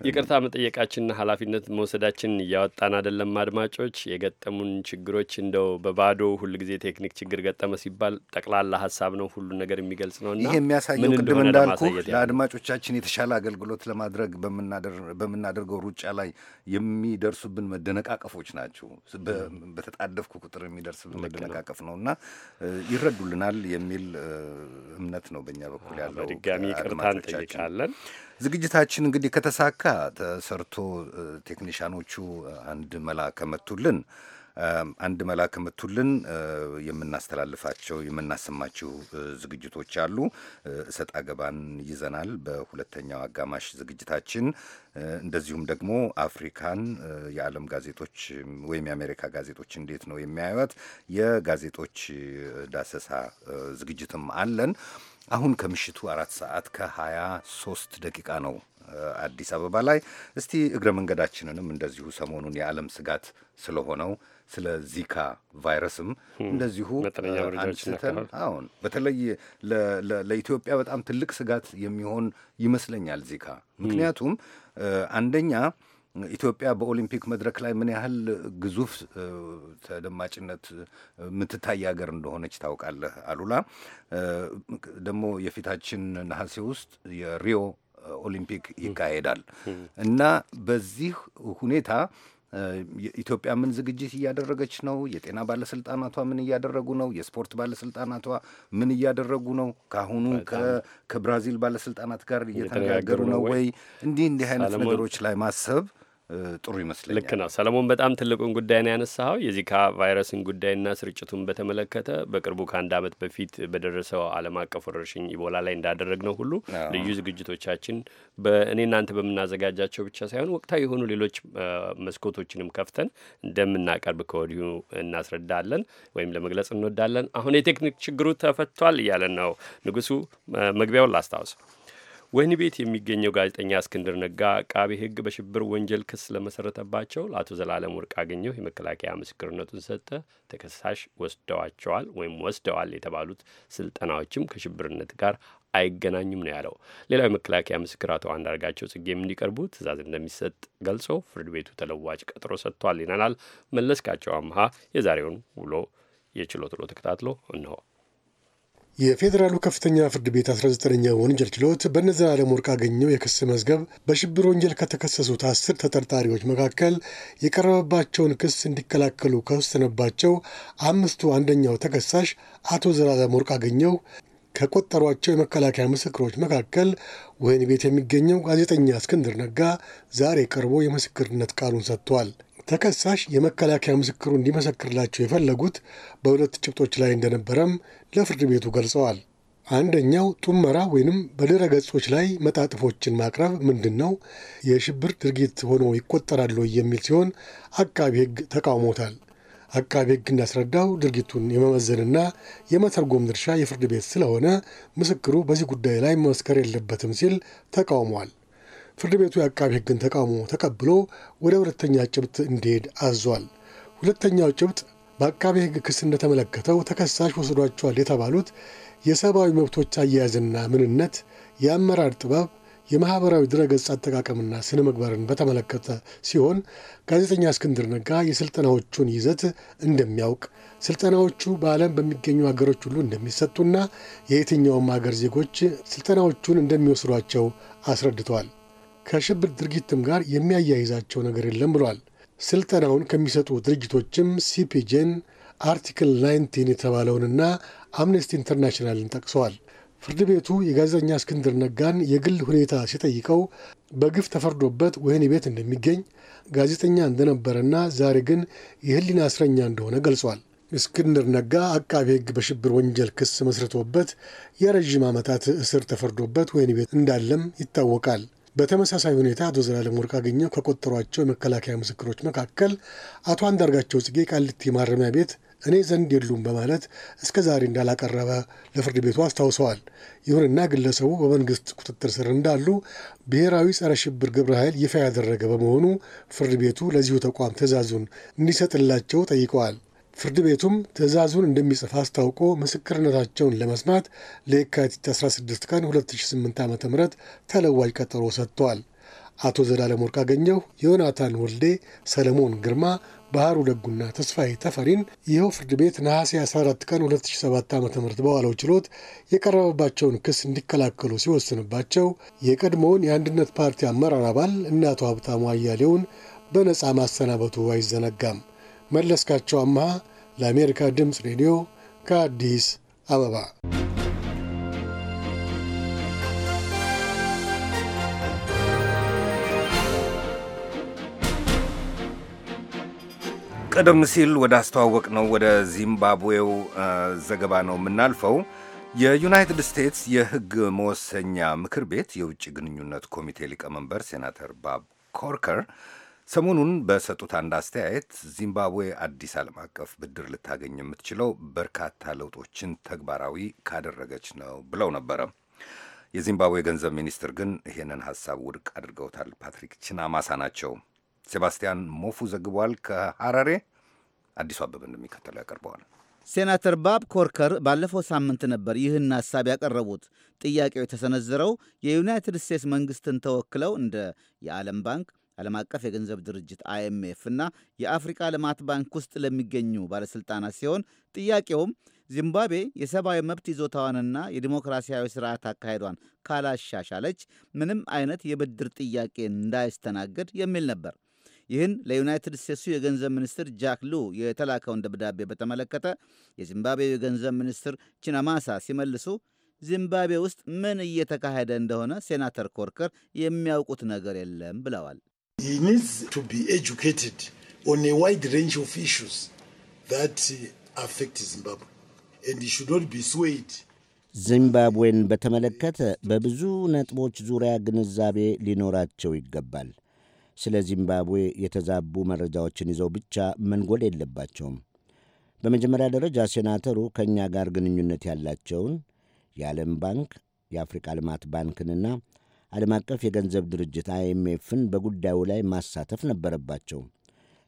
Speaker 3: ይቅርታ መጠየቃችንና ኃላፊነት መውሰዳችንን እያወጣን አይደለም። አድማጮች፣ የገጠሙን ችግሮች እንደው በባዶ ሁልጊዜ ቴክኒክ ችግር ገጠመ ሲባል ጠቅላላ ሀሳብ ነው፣ ሁሉ ነገር የሚገልጽ ነው ይህ የሚያሳየው ቅድም እንዳልኩ
Speaker 4: ለአድማጮቻችን የተሻለ አገልግሎት ለማድረግ በምናደርገው ሩጫ ላይ የሚደርሱብን መደነቃቀፎች ናቸው። በተጣደፍኩ ቁጥር የሚደርስብን መደነቃቀፍ ነው እና ይረዱልናል የሚል እምነት ነው በእኛ በኩል ያለው። በድጋሚ ይቅርታ እንጠይቃለን። ዝግጅታችን እንግዲህ ከተሳካ ተሰርቶ ቴክኒሽያኖቹ አንድ መላ ከመቱልን አንድ መላ ከምቱልን የምናስተላልፋቸው የምናሰማቸው ዝግጅቶች አሉ። እሰጥ አገባን ይዘናል በሁለተኛው አጋማሽ ዝግጅታችን። እንደዚሁም ደግሞ አፍሪካን የዓለም ጋዜጦች ወይም የአሜሪካ ጋዜጦች እንዴት ነው የሚያዩት የጋዜጦች ዳሰሳ ዝግጅትም አለን። አሁን ከምሽቱ አራት ሰዓት ከሀያ ሶስት ደቂቃ ነው። አዲስ አበባ ላይ። እስቲ እግረ መንገዳችንንም እንደዚሁ ሰሞኑን የዓለም ስጋት ስለሆነው ስለ ዚካ ቫይረስም እንደዚሁ አንስተን አሁን በተለይ ለኢትዮጵያ በጣም ትልቅ ስጋት የሚሆን ይመስለኛል ዚካ። ምክንያቱም አንደኛ ኢትዮጵያ በኦሊምፒክ መድረክ ላይ ምን ያህል ግዙፍ ተደማጭነት የምትታይ ሀገር እንደሆነች ታውቃለህ አሉላ። ደግሞ የፊታችን ነሐሴ ውስጥ የሪዮ ኦሊምፒክ ይካሄዳል እና በዚህ ሁኔታ ኢትዮጵያ ምን ዝግጅት እያደረገች ነው? የጤና ባለስልጣናቷ ምን እያደረጉ ነው? የስፖርት ባለስልጣናቷ ምን እያደረጉ ነው? ከአሁኑ ከብራዚል ባለስልጣናት ጋር እየተነጋገሩ ነው ወይ? እንዲህ እንዲህ አይነት ነገሮች ላይ ማሰብ ጥሩ ይመስለኛል።
Speaker 3: ልክ ነው ሰለሞን፣ በጣም ትልቁን ጉዳይ ነው ያነሳኸው። የዚካ ቫይረስን ጉዳይና ስርጭቱን በተመለከተ በቅርቡ ከአንድ ዓመት በፊት በደረሰው ዓለም አቀፍ ወረርሽኝ ኢቦላ ላይ እንዳደረግነው ሁሉ ልዩ ዝግጅቶቻችን በእኔ እናንተ በምናዘጋጃቸው ብቻ ሳይሆን ወቅታዊ የሆኑ ሌሎች መስኮቶችንም ከፍተን እንደምናቀርብ ከወዲሁ እናስረዳለን ወይም ለመግለጽ እንወዳለን። አሁን የቴክኒክ ችግሩ ተፈቷል እያለን ነው ንጉሱ። መግቢያውን ላስታውሰው ወህኒ ቤት የሚገኘው ጋዜጠኛ እስክንድር ነጋ አቃቤ ሕግ በሽብር ወንጀል ክስ ለመሰረተባቸው ለአቶ ዘላለም ወርቅ አገኘሁ የመከላከያ ምስክርነቱን ሰጠ። ተከሳሽ ወስደዋቸዋል ወይም ወስደዋል የተባሉት ስልጠናዎችም ከሽብርነት ጋር አይገናኙም ነው ያለው። ሌላው የመከላከያ ምስክር አቶ አንዳርጋቸው ጽጌም እንዲቀርቡ ትእዛዝ እንደሚሰጥ ገልጾ ፍርድ ቤቱ ተለዋጭ ቀጥሮ ሰጥቷል ይናናል መለስካቸው አምሃ የዛሬውን ውሎ የችሎት ውሎ ተከታትሎ እንሆ
Speaker 11: የፌዴራሉ ከፍተኛ ፍርድ ቤት 19ኛ ወንጀል ችሎት በእነ ዘላለም ወርቅ አገኘው የክስ መዝገብ በሽብር ወንጀል ከተከሰሱት አስር ተጠርጣሪዎች መካከል የቀረበባቸውን ክስ እንዲከላከሉ ከወሰነባቸው አምስቱ አንደኛው ተከሳሽ አቶ ዘላለም ወርቅ አገኘው ከቆጠሯቸው የመከላከያ ምስክሮች መካከል ወህኒ ቤት የሚገኘው ጋዜጠኛ እስክንድር ነጋ ዛሬ ቀርቦ የምስክርነት ቃሉን ሰጥቷል። ተከሳሽ የመከላከያ ምስክሩ እንዲመሰክርላቸው የፈለጉት በሁለት ጭብጦች ላይ እንደነበረም ለፍርድ ቤቱ ገልጸዋል። አንደኛው ጡመራ ወይንም በድረ ገጾች ላይ መጣጥፎችን ማቅረብ ምንድን ነው የሽብር ድርጊት ሆኖ ይቆጠራሉ የሚል ሲሆን አቃቢ ሕግ ተቃውሞታል። አቃቢ ሕግ እንዳስረዳው ድርጊቱን የመመዘንና የመተርጎም ድርሻ የፍርድ ቤት ስለሆነ ምስክሩ በዚህ ጉዳይ ላይ መመስከር የለበትም ሲል ተቃውሟል። ፍርድ ቤቱ የአቃቢ ሕግን ተቃውሞ ተቀብሎ ወደ ሁለተኛ ጭብጥ እንዲሄድ አዟል። ሁለተኛው ጭብጥ በአቃቢ ሕግ ክስ እንደተመለከተው ተከሳሽ ወስዷቸዋል የተባሉት የሰብአዊ መብቶች አያያዝና ምንነት፣ የአመራር ጥበብ፣ የማኅበራዊ ድረገጽ አጠቃቀምና ስነ ምግባርን በተመለከተ ሲሆን ጋዜጠኛ እስክንድር ነጋ የሥልጠናዎቹን ይዘት እንደሚያውቅ ስልጠናዎቹ በዓለም በሚገኙ ሀገሮች ሁሉ እንደሚሰጡና የየትኛውም ሀገር ዜጎች ስልጠናዎቹን እንደሚወስዷቸው አስረድተዋል። ከሽብር ድርጊትም ጋር የሚያያይዛቸው ነገር የለም ብሏል። ስልጠናውን ከሚሰጡ ድርጅቶችም ሲፒጄን፣ አርቲክል 19 የተባለውንና አምነስቲ ኢንተርናሽናልን ጠቅሰዋል። ፍርድ ቤቱ የጋዜጠኛ እስክንድር ነጋን የግል ሁኔታ ሲጠይቀው በግፍ ተፈርዶበት ወህኒ ቤት እንደሚገኝ ጋዜጠኛ እንደነበረና ዛሬ ግን የህሊና እስረኛ እንደሆነ ገልጿል። እስክንድር ነጋ አቃቢ ሕግ በሽብር ወንጀል ክስ መስርቶበት የረዥም ዓመታት እስር ተፈርዶበት ወህኒ ቤት እንዳለም ይታወቃል። በተመሳሳይ ሁኔታ አቶ ዘላለም ወርቅ አገኘው ከቆጠሯቸው የመከላከያ ምስክሮች መካከል አቶ አንዳርጋቸው ጽጌ ቃሊቲ ማረሚያ ቤት እኔ ዘንድ የሉም በማለት እስከ ዛሬ እንዳላቀረበ ለፍርድ ቤቱ አስታውሰዋል። ይሁንና ግለሰቡ በመንግስት ቁጥጥር ስር እንዳሉ ብሔራዊ ጸረ ሽብር ግብረ ኃይል ይፋ ያደረገ በመሆኑ ፍርድ ቤቱ ለዚሁ ተቋም ትዕዛዙን እንዲሰጥላቸው ጠይቀዋል። ፍርድ ቤቱም ትዕዛዙን እንደሚጽፍ አስታውቆ ምስክርነታቸውን ለመስማት ለየካቲት 16 ቀን 2008 ዓ ም ተለዋጅ ቀጠሮ ሰጥቷል። አቶ ዘላለም ወርቅአገኘሁ፣ ዮናታን ወልዴ፣ ሰለሞን ግርማ፣ ባህሩ ደጉና ተስፋዬ ተፈሪን ይኸው ፍርድ ቤት ነሐሴ 14 ቀን 2007 ዓ ም በዋለው ችሎት የቀረበባቸውን ክስ እንዲከላከሉ ሲወስንባቸው የቀድሞውን የአንድነት ፓርቲ አመራር አባል እና አቶ ሀብታሙ አያሌውን በነፃ ማሰናበቱ አይዘነጋም። መለስካቸው አምሃ ለአሜሪካ ድምፅ ሬዲዮ ከአዲስ አበባ
Speaker 4: ቀደም ሲል ወደ አስተዋወቅ ነው ወደ ዚምባብዌው ዘገባ ነው የምናልፈው። የዩናይትድ ስቴትስ የሕግ መወሰኛ ምክር ቤት የውጭ ግንኙነት ኮሚቴ ሊቀመንበር ሴናተር ባብ ኮርከር ሰሞኑን በሰጡት አንድ አስተያየት ዚምባብዌ አዲስ ዓለም አቀፍ ብድር ልታገኝ የምትችለው በርካታ ለውጦችን ተግባራዊ ካደረገች ነው ብለው ነበረ። የዚምባብዌ ገንዘብ ሚኒስትር ግን ይህንን ሀሳብ ውድቅ አድርገውታል። ፓትሪክ ችናማሳ ናቸው። ሴባስቲያን ሞፉ ዘግቧል። ከሐራሬ አዲሱ አበበ እንደሚከተለው ያቀርበዋል።
Speaker 2: ሴናተር ባብ ኮርከር ባለፈው ሳምንት ነበር ይህን ሐሳብ ያቀረቡት። ጥያቄው የተሰነዘረው የዩናይትድ ስቴትስ መንግሥትን ተወክለው እንደ የዓለም ባንክ ዓለም አቀፍ የገንዘብ ድርጅት አይኤምኤፍ እና የአፍሪካ ልማት ባንክ ውስጥ ለሚገኙ ባለሥልጣናት ሲሆን ጥያቄውም ዚምባብዌ የሰብአዊ መብት ይዞታዋንና የዲሞክራሲያዊ ስርዓት አካሄዷን ካላሻሻለች ምንም አይነት የብድር ጥያቄ እንዳይስተናገድ የሚል ነበር። ይህን ለዩናይትድ ስቴትሱ የገንዘብ ሚኒስትር ጃክ ሉ የተላከውን ደብዳቤ በተመለከተ የዚምባብዌ የገንዘብ ሚኒስትር ቺናማሳ ሲመልሱ ዚምባብዌ ውስጥ ምን እየተካሄደ እንደሆነ ሴናተር ኮርከር የሚያውቁት ነገር የለም ብለዋል።
Speaker 11: He needs to be educated on a wide range of issues that uh, affect Zimbabwe and he should not be swayed.
Speaker 8: ዚምባብዌን በተመለከተ በብዙ ነጥቦች ዙሪያ ግንዛቤ ሊኖራቸው ይገባል። ስለ ዚምባብዌ የተዛቡ መረጃዎችን ይዘው ብቻ መንጎድ የለባቸውም። በመጀመሪያ ደረጃ ሴናተሩ ከእኛ ጋር ግንኙነት ያላቸውን የዓለም ባንክ፣ የአፍሪቃ ልማት ባንክንና ዓለም አቀፍ የገንዘብ ድርጅት አይኤምኤፍን በጉዳዩ ላይ ማሳተፍ ነበረባቸው።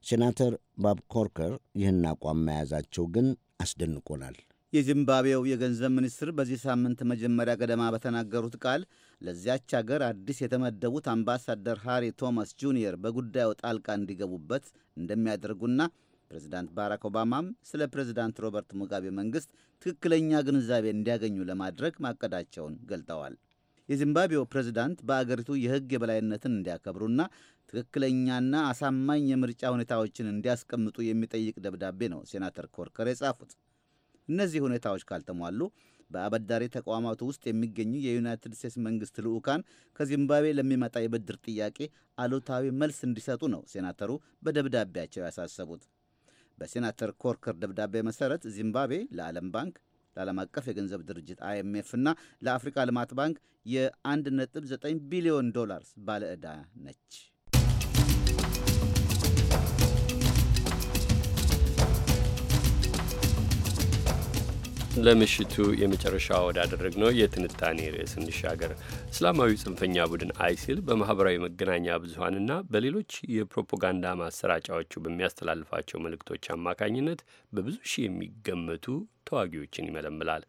Speaker 8: ሴናተር ባብ ኮርከር ይህን አቋም መያዛቸው ግን አስደንቆናል።
Speaker 2: የዚምባብዌው የገንዘብ ሚኒስትር በዚህ ሳምንት መጀመሪያ ገደማ በተናገሩት ቃል ለዚያች አገር አዲስ የተመደቡት አምባሳደር ሃሪ ቶማስ ጁኒየር በጉዳዩ ጣልቃ እንዲገቡበት እንደሚያደርጉና ፕሬዚዳንት ባራክ ኦባማም ስለ ፕሬዚዳንት ሮበርት ሙጋቤ መንግሥት ትክክለኛ ግንዛቤ እንዲያገኙ ለማድረግ ማቀዳቸውን ገልጠዋል። የዚምባብዌው ፕሬዝዳንት በአገሪቱ የሕግ የበላይነትን እንዲያከብሩና ትክክለኛና አሳማኝ የምርጫ ሁኔታዎችን እንዲያስቀምጡ የሚጠይቅ ደብዳቤ ነው ሴናተር ኮርከር የጻፉት። እነዚህ ሁኔታዎች ካልተሟሉ በአበዳሪ ተቋማቱ ውስጥ የሚገኙ የዩናይትድ ስቴትስ መንግስት ልዑካን ከዚምባብዌ ለሚመጣ የብድር ጥያቄ አሉታዊ መልስ እንዲሰጡ ነው ሴናተሩ በደብዳቤያቸው ያሳሰቡት። በሴናተር ኮርከር ደብዳቤ መሠረት ዚምባብዌ ለዓለም ባንክ ለዓለም አቀፍ የገንዘብ ድርጅት አይኤምኤፍ እና ለአፍሪካ ልማት ባንክ የ1.9 ቢሊዮን ዶላርስ ባለ ዕዳ ነች።
Speaker 3: ለምሽቱ የመጨረሻ ነው የትንታኔ ርዕስ እንሻገር። እስላማዊ ጽንፈኛ ቡድን አይሲል በማህበራዊ መገናኛ ብዙሀንና በሌሎች የፕሮፓጋንዳ ማሰራጫዎቹ በሚያስተላልፋቸው መልእክቶች አማካኝነት በብዙ ሺህ የሚገመቱ ተዋጊዎችን ይመለምላል።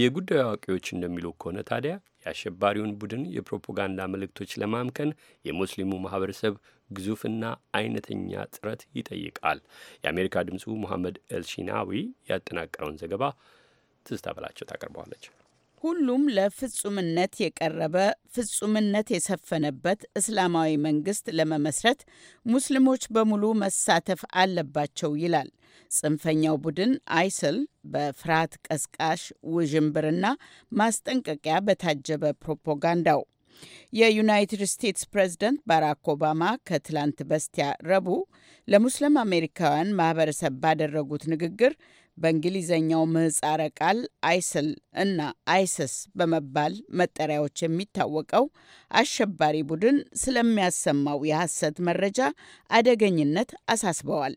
Speaker 3: የጉዳዩ አዋቂዎች እንደሚሉ ከሆነ ታዲያ የአሸባሪውን ቡድን የፕሮፓጋንዳ መልእክቶች ለማምከን የሙስሊሙ ማህበረሰብ ግዙፍና አይነተኛ ጥረት ይጠይቃል። የአሜሪካ ድምፁ ሙሐመድ ኤልሺናዊ ያጠናቀረውን ዘገባ ትዝታ በላቸው ታቀርበዋለች።
Speaker 10: ሁሉም ለፍጹምነት የቀረበ ፍጹምነት የሰፈነበት እስላማዊ መንግስት ለመመስረት ሙስሊሞች በሙሉ መሳተፍ አለባቸው ይላል ጽንፈኛው ቡድን አይስል በፍርሃት ቀስቃሽ ውዥንብርና ማስጠንቀቂያ በታጀበ ፕሮፓጋንዳው። የዩናይትድ ስቴትስ ፕሬዝደንት ባራክ ኦባማ ከትላንት በስቲያ ረቡዕ ለሙስሊም አሜሪካውያን ማህበረሰብ ባደረጉት ንግግር በእንግሊዘኛው ምህፃረ ቃል አይስል እና አይስስ በመባል መጠሪያዎች የሚታወቀው አሸባሪ ቡድን ስለሚያሰማው የሐሰት መረጃ አደገኝነት አሳስበዋል።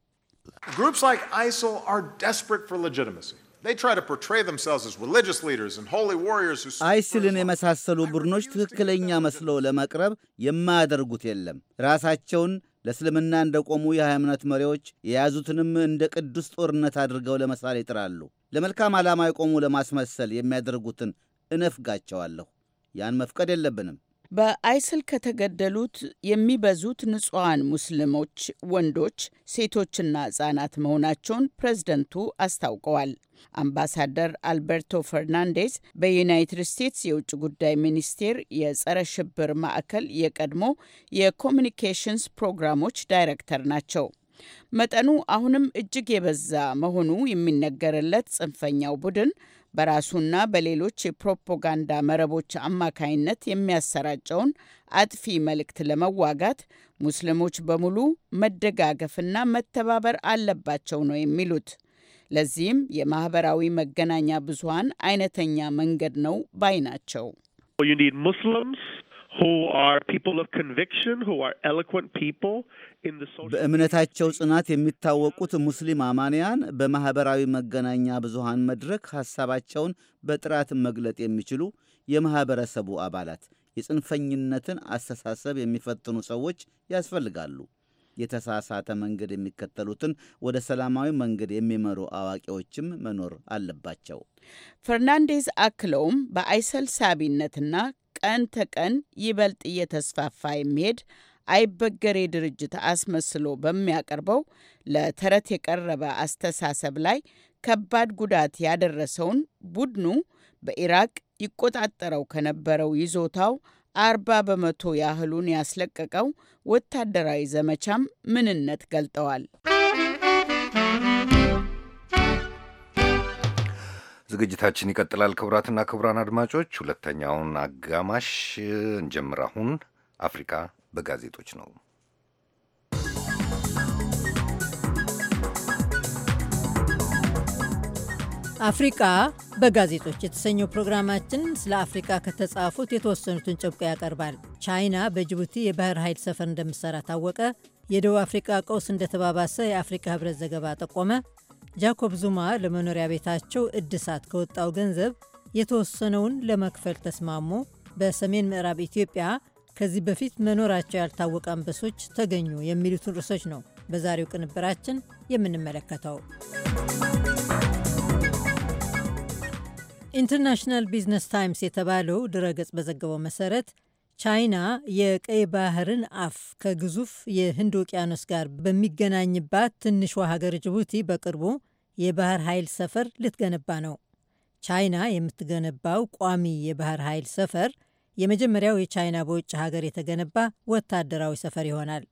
Speaker 2: አይስልን የመሳሰሉ ቡድኖች ትክክለኛ መስለው ለመቅረብ የማያደርጉት የለም። ራሳቸውን ለእስልምና እንደ ቆሙ የሃይማኖት መሪዎች የያዙትንም እንደ ቅዱስ ጦርነት አድርገው ለመሳል ይጥራሉ። ለመልካም ዓላማ የቆሙ ለማስመሰል የሚያደርጉትን እነፍጋቸዋለሁ። ያን መፍቀድ የለብንም። በአይስል ከተገደሉት የሚበዙት ንጹሐን ሙስሊሞች
Speaker 10: ወንዶች፣ ሴቶችና ህጻናት መሆናቸውን ፕሬዝደንቱ አስታውቀዋል። አምባሳደር አልበርቶ ፈርናንዴዝ በዩናይትድ ስቴትስ የውጭ ጉዳይ ሚኒስቴር የጸረ ሽብር ማዕከል የቀድሞ የኮሚኒኬሽንስ ፕሮግራሞች ዳይሬክተር ናቸው። መጠኑ አሁንም እጅግ የበዛ መሆኑ የሚነገርለት ጽንፈኛው ቡድን በራሱና በሌሎች የፕሮፓጋንዳ መረቦች አማካይነት የሚያሰራጨውን አጥፊ መልእክት ለመዋጋት ሙስሊሞች በሙሉ መደጋገፍና መተባበር አለባቸው ነው የሚሉት። ለዚህም የማህበራዊ መገናኛ ብዙሀን አይነተኛ መንገድ ነው ባይ ናቸው።
Speaker 7: ሙስሊምስ ሁ are ፒፕል ኦፍ ኮንቪክሽን ሁ are eloquent ፒፕል
Speaker 2: በእምነታቸው ጽናት የሚታወቁት ሙስሊም አማንያን በማኅበራዊ መገናኛ ብዙሃን መድረክ ሐሳባቸውን በጥራት መግለጥ የሚችሉ የማኅበረሰቡ አባላት፣ የጽንፈኝነትን አስተሳሰብ የሚፈትኑ ሰዎች ያስፈልጋሉ። የተሳሳተ መንገድ የሚከተሉትን ወደ ሰላማዊ መንገድ የሚመሩ አዋቂዎችም መኖር አለባቸው።
Speaker 10: ፈርናንዴዝ አክለውም በአይሰል ሳቢነትና ቀን ተቀን ይበልጥ እየተስፋፋ የሚሄድ አይበገሬ ድርጅት አስመስሎ በሚያቀርበው ለተረት የቀረበ አስተሳሰብ ላይ ከባድ ጉዳት ያደረሰውን ቡድኑ በኢራቅ ይቆጣጠረው ከነበረው ይዞታው አርባ በመቶ ያህሉን ያስለቀቀው ወታደራዊ ዘመቻም ምንነት ገልጠዋል።
Speaker 4: ዝግጅታችን ይቀጥላል። ክቡራትና ክቡራን አድማጮች ሁለተኛውን አጋማሽ እንጀምር። አሁን አፍሪካ በጋዜጦች ነው።
Speaker 6: አፍሪቃ በጋዜጦች የተሰኘው ፕሮግራማችን ስለ አፍሪቃ ከተጻፉት የተወሰኑትን ጭብቆ ያቀርባል። ቻይና በጅቡቲ የባህር ኃይል ሰፈር እንደምትሰራ ታወቀ፣ የደቡብ አፍሪቃ ቀውስ እንደተባባሰ የአፍሪካ ህብረት ዘገባ ጠቆመ፣ ጃኮብ ዙማ ለመኖሪያ ቤታቸው እድሳት ከወጣው ገንዘብ የተወሰነውን ለመክፈል ተስማሙ፣ በሰሜን ምዕራብ ኢትዮጵያ ከዚህ በፊት መኖራቸው ያልታወቀ አንበሶች ተገኙ የሚሉትን ርዕሶች ነው በዛሬው ቅንብራችን የምንመለከተው። ኢንተርናሽናል ቢዝነስ ታይምስ የተባለው ድረገጽ በዘገበው መሰረት ቻይና የቀይ ባህርን አፍ ከግዙፍ የህንድ ውቅያኖስ ጋር በሚገናኝባት ትንሿ ሀገር ጅቡቲ በቅርቡ የባህር ኃይል ሰፈር ልትገነባ ነው። ቻይና የምትገነባው ቋሚ የባህር ኃይል ሰፈር የመጀመሪያው የቻይና በውጭ ሀገር የተገነባ ወታደራዊ ሰፈር ይሆናል።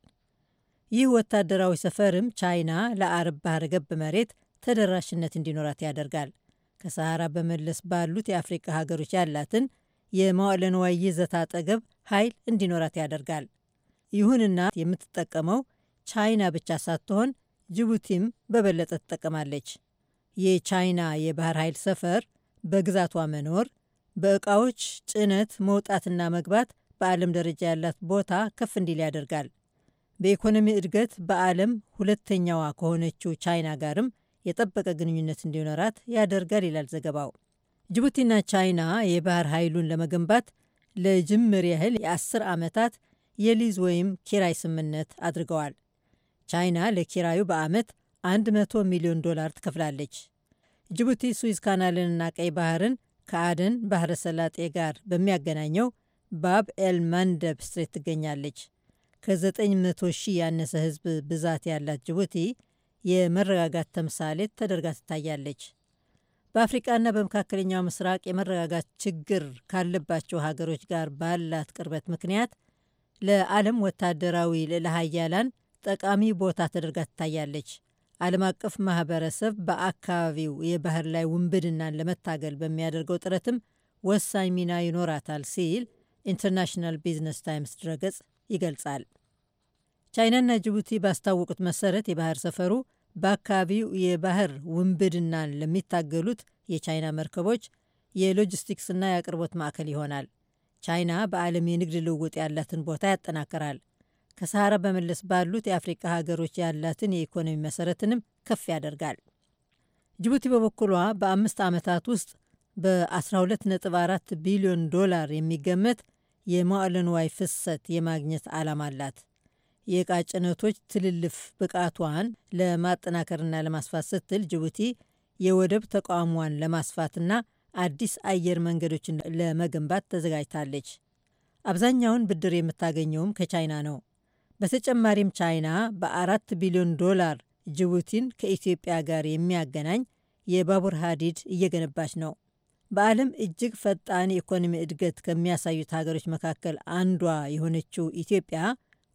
Speaker 6: ይህ ወታደራዊ ሰፈርም ቻይና ለአረብ ባህረ ገብ መሬት ተደራሽነት እንዲኖራት ያደርጋል። ከሰሃራ በመለስ ባሉት የአፍሪቃ ሀገሮች ያላትን የመዋዕለ ንዋይ ይዘት አጠገብ ኃይል እንዲኖራት ያደርጋል። ይሁንና የምትጠቀመው ቻይና ብቻ ሳትሆን ጅቡቲም በበለጠ ትጠቀማለች። የቻይና የባህር ኃይል ሰፈር በግዛቷ መኖር በእቃዎች ጭነት መውጣትና መግባት በዓለም ደረጃ ያላት ቦታ ከፍ እንዲል ያደርጋል። በኢኮኖሚ እድገት በዓለም ሁለተኛዋ ከሆነችው ቻይና ጋርም የጠበቀ ግንኙነት እንዲኖራት ያደርጋል ይላል ዘገባው። ጅቡቲና ቻይና የባህር ኃይሉን ለመገንባት ለጅምር ያህል የአስር ዓመታት የሊዝ ወይም ኪራይ ስምምነት አድርገዋል። ቻይና ለኪራዩ በዓመት 100 ሚሊዮን ዶላር ትከፍላለች። ጅቡቲ ስዊዝ ካናልንና ቀይ ባህርን ከአደን ባህረ ሰላጤ ጋር በሚያገናኘው ባብ ኤል ማንደብ ስትሬት ትገኛለች። ከ900 ሺህ ያነሰ ህዝብ ብዛት ያላት ጅቡቲ የመረጋጋት ተምሳሌት ተደርጋ ትታያለች። በአፍሪቃና በመካከለኛው ምስራቅ የመረጋጋት ችግር ካለባቸው ሀገሮች ጋር ባላት ቅርበት ምክንያት ለዓለም ወታደራዊ ልዕለ ሀያላን ጠቃሚ ቦታ ተደርጋ ትታያለች። ዓለም አቀፍ ማህበረሰብ በአካባቢው የባህር ላይ ውንብድናን ለመታገል በሚያደርገው ጥረትም ወሳኝ ሚና ይኖራታል ሲል ኢንተርናሽናል ቢዝነስ ታይምስ ድረገጽ ይገልጻል። ቻይናና ጅቡቲ ባስታወቁት መሰረት የባህር ሰፈሩ በአካባቢው የባህር ውንብድናን ለሚታገሉት የቻይና መርከቦች የሎጂስቲክስና የአቅርቦት ማዕከል ይሆናል። ቻይና በዓለም የንግድ ልውውጥ ያላትን ቦታ ያጠናክራል። ከሰሃራ በመለስ ባሉት የአፍሪቃ ሀገሮች ያላትን የኢኮኖሚ መሰረትንም ከፍ ያደርጋል። ጅቡቲ በበኩሏ በአምስት ዓመታት ውስጥ በ12.4 ቢሊዮን ዶላር የሚገመት የመዋዕለ ንዋይ ፍሰት የማግኘት ዓላማ አላት። የእቃ ጭነቶች ትልልፍ ብቃቷን ለማጠናከርና ለማስፋት ስትል ጅቡቲ የወደብ ተቋሟን ለማስፋትና አዲስ አየር መንገዶችን ለመገንባት ተዘጋጅታለች። አብዛኛውን ብድር የምታገኘውም ከቻይና ነው። በተጨማሪም ቻይና በአራት ቢሊዮን ዶላር ጅቡቲን ከኢትዮጵያ ጋር የሚያገናኝ የባቡር ሀዲድ እየገነባች ነው። በዓለም እጅግ ፈጣን የኢኮኖሚ እድገት ከሚያሳዩት ሀገሮች መካከል አንዷ የሆነችው ኢትዮጵያ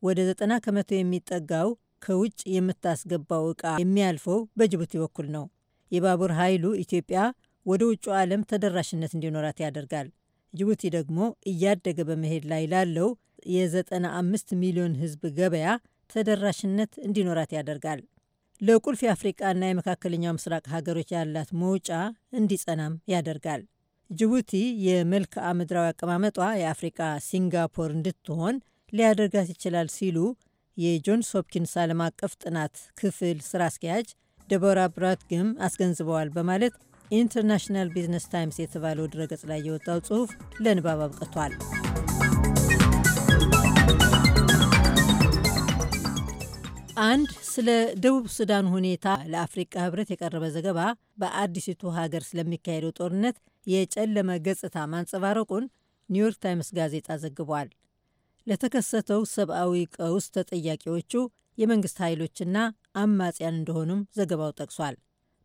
Speaker 6: ወደ ዘጠና ከመቶ የሚጠጋው ከውጭ የምታስገባው ዕቃ የሚያልፈው በጅቡቲ በኩል ነው። የባቡር ኃይሉ ኢትዮጵያ ወደ ውጩ ዓለም ተደራሽነት እንዲኖራት ያደርጋል። ጅቡቲ ደግሞ እያደገ በመሄድ ላይ ላለው የ95 ሚሊዮን ህዝብ ገበያ ተደራሽነት እንዲኖራት ያደርጋል። ለቁልፍ የአፍሪቃና የመካከለኛው ምስራቅ ሀገሮች ያላት መውጫ እንዲጸናም ያደርጋል። ጅቡቲ የመልክዓ ምድራዊ አቀማመጧ የአፍሪቃ ሲንጋፖር እንድትሆን ሊያደርጋት ይችላል ሲሉ የጆንስ ሆፕኪንስ ዓለም አቀፍ ጥናት ክፍል ስራ አስኪያጅ ደቦራ ብራትግም አስገንዝበዋል በማለት ኢንተርናሽናል ቢዝነስ ታይምስ የተባለው ድረገጽ ላይ የወጣው ጽሑፍ ለንባብ አብቅቷል። አንድ ስለ ደቡብ ሱዳን ሁኔታ ለአፍሪቃ ህብረት የቀረበ ዘገባ በአዲሲቱ ሀገር ስለሚካሄደው ጦርነት የጨለመ ገጽታ ማንጸባረቁን ኒውዮርክ ታይምስ ጋዜጣ ዘግቧል። ለተከሰተው ሰብአዊ ቀውስ ተጠያቂዎቹ የመንግስት ኃይሎችና አማጽያን እንደሆኑም ዘገባው ጠቅሷል።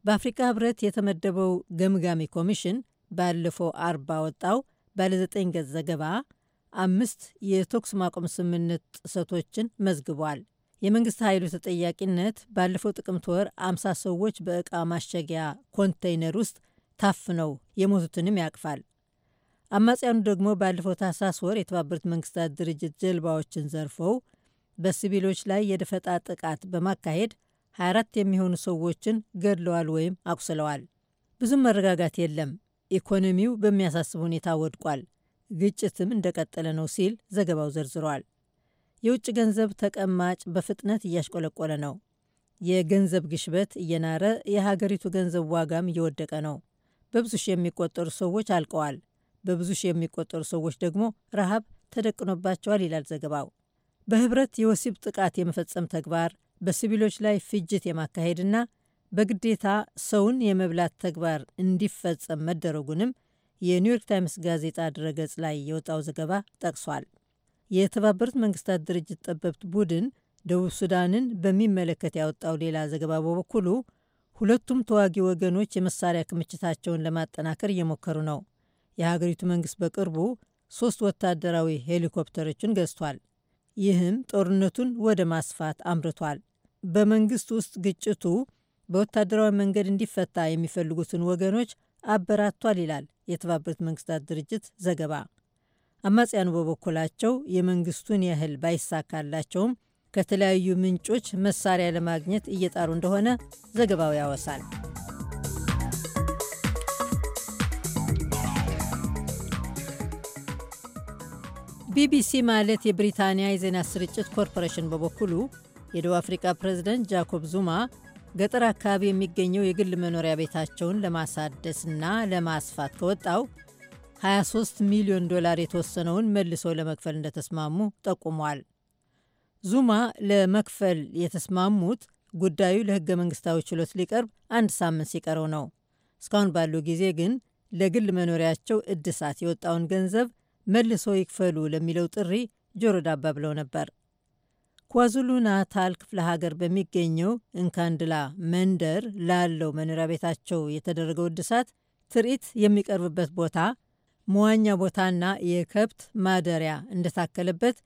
Speaker 6: በአፍሪካ ህብረት የተመደበው ገምጋሚ ኮሚሽን ባለፈው አርባ ወጣው ባለ ዘጠኝ ገጽ ዘገባ አምስት የተኩስ ማቆም ስምምነት ጥሰቶችን መዝግቧል። የመንግስት ኃይሉ ተጠያቂነት ባለፈው ጥቅምት ወር አምሳ ሰዎች በዕቃ ማሸጊያ ኮንቴይነር ውስጥ ታፍነው የሞቱትንም ያቅፋል። አማጽያኑ ደግሞ ባለፈው ታህሳስ ወር የተባበሩት መንግስታት ድርጅት ጀልባዎችን ዘርፈው በሲቪሎች ላይ የደፈጣ ጥቃት በማካሄድ 24 የሚሆኑ ሰዎችን ገድለዋል ወይም አቁስለዋል። ብዙም መረጋጋት የለም። ኢኮኖሚው በሚያሳስብ ሁኔታ ወድቋል። ግጭትም እንደቀጠለ ነው ሲል ዘገባው ዘርዝሯል። የውጭ ገንዘብ ተቀማጭ በፍጥነት እያሽቆለቆለ ነው። የገንዘብ ግሽበት እየናረ፣ የሀገሪቱ ገንዘብ ዋጋም እየወደቀ ነው። በብዙ ሺህ የሚቆጠሩ ሰዎች አልቀዋል። በብዙ ሺህ የሚቆጠሩ ሰዎች ደግሞ ረሃብ ተደቅኖባቸዋል ይላል ዘገባው። በህብረት የወሲብ ጥቃት የመፈጸም ተግባር፣ በሲቪሎች ላይ ፍጅት የማካሄድና በግዴታ ሰውን የመብላት ተግባር እንዲፈጸም መደረጉንም የኒውዮርክ ታይምስ ጋዜጣ ድረገጽ ላይ የወጣው ዘገባ ጠቅሷል። የተባበሩት መንግስታት ድርጅት ጠበብት ቡድን ደቡብ ሱዳንን በሚመለከት ያወጣው ሌላ ዘገባ በበኩሉ ሁለቱም ተዋጊ ወገኖች የመሳሪያ ክምችታቸውን ለማጠናከር እየሞከሩ ነው። የሀገሪቱ መንግስት በቅርቡ ሶስት ወታደራዊ ሄሊኮፕተሮችን ገዝቷል። ይህም ጦርነቱን ወደ ማስፋት አምርቷል። በመንግስት ውስጥ ግጭቱ በወታደራዊ መንገድ እንዲፈታ የሚፈልጉትን ወገኖች አበራቷል ይላል የተባበሩት መንግስታት ድርጅት ዘገባ። አማጽያኑ በበኩላቸው የመንግስቱን ያህል ባይሳካላቸውም ከተለያዩ ምንጮች መሳሪያ ለማግኘት እየጣሩ እንደሆነ ዘገባው ያወሳል። ቢቢሲ ማለት የብሪታንያ የዜና ስርጭት ኮርፖሬሽን በበኩሉ የደቡብ አፍሪካ ፕሬዝደንት ጃኮብ ዙማ ገጠር አካባቢ የሚገኘው የግል መኖሪያ ቤታቸውን ለማሳደስና ለማስፋት ከወጣው 23 ሚሊዮን ዶላር የተወሰነውን መልሶ ለመክፈል እንደተስማሙ ጠቁሟል። ዙማ ለመክፈል የተስማሙት ጉዳዩ ለህገ መንግስታዊ ችሎት ሊቀርብ አንድ ሳምንት ሲቀረው ነው። እስካሁን ባለው ጊዜ ግን ለግል መኖሪያቸው እድሳት የወጣውን ገንዘብ መልሶ ይክፈሉ ለሚለው ጥሪ ጆሮ ዳባ ብለው ነበር። ኳዙሉ ናታል ክፍለ ሀገር በሚገኘው እንካንድላ መንደር ላለው መኖሪያ ቤታቸው የተደረገው እድሳት ትርኢት የሚቀርብበት ቦታ መዋኛ ቦታና የከብት ማደሪያ እንደታከለበት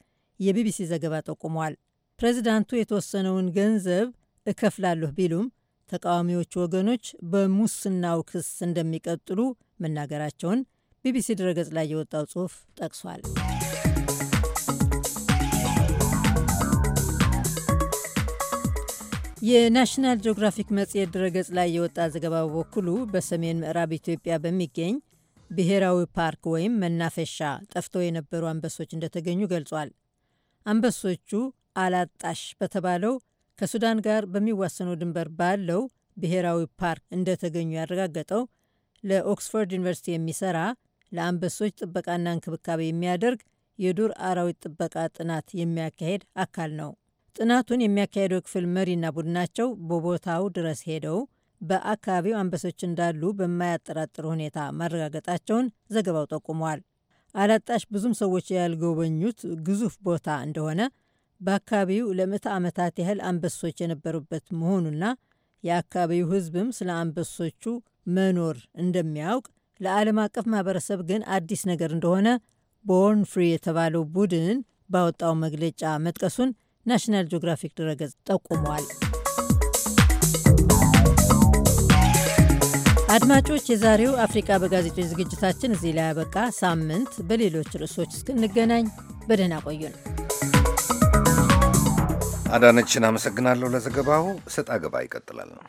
Speaker 6: የቢቢሲ ዘገባ ጠቁሟል። ፕሬዚዳንቱ የተወሰነውን ገንዘብ እከፍላለሁ ቢሉም ተቃዋሚዎቹ ወገኖች በሙስናው ክስ እንደሚቀጥሉ መናገራቸውን ቢቢሲ ድረገጽ ላይ የወጣው ጽሑፍ ጠቅሷል። የናሽናል ጂኦግራፊክ መጽሔት ድረገጽ ላይ የወጣ ዘገባ በበኩሉ በሰሜን ምዕራብ ኢትዮጵያ በሚገኝ ብሔራዊ ፓርክ ወይም መናፈሻ ጠፍተው የነበሩ አንበሶች እንደተገኙ ገልጿል። አንበሶቹ አላጣሽ በተባለው ከሱዳን ጋር በሚዋሰነው ድንበር ባለው ብሔራዊ ፓርክ እንደተገኙ ያረጋገጠው ለኦክስፎርድ ዩኒቨርሲቲ የሚሰራ ለአንበሶች ጥበቃና እንክብካቤ የሚያደርግ የዱር አራዊት ጥበቃ ጥናት የሚያካሄድ አካል ነው። ጥናቱን የሚያካሄደው ክፍል መሪና ቡድናቸው በቦታው ድረስ ሄደው በአካባቢው አንበሶች እንዳሉ በማያጠራጥር ሁኔታ ማረጋገጣቸውን ዘገባው ጠቁሟል። አላጣሽ ብዙም ሰዎች ያልጎበኙት ግዙፍ ቦታ እንደሆነ በአካባቢው ለምዕተ ዓመታት ያህል አንበሶች የነበሩበት መሆኑና የአካባቢው ሕዝብም ስለ አንበሶቹ መኖር እንደሚያውቅ ለዓለም አቀፍ ማህበረሰብ ግን አዲስ ነገር እንደሆነ ቦርን ፍሪ የተባለው ቡድን ባወጣው መግለጫ መጥቀሱን ናሽናል ጂኦግራፊክ ድረገጽ ጠቁሟል። አድማጮች፣ የዛሬው አፍሪቃ በጋዜጦች ዝግጅታችን እዚህ ላይ ያበቃ። ሳምንት በሌሎች ርዕሶች እስክንገናኝ በደህና ቆዩን።
Speaker 4: አዳነችን አመሰግናለሁ ለዘገባው። እሰጥ አገባ ይቀጥላል ነው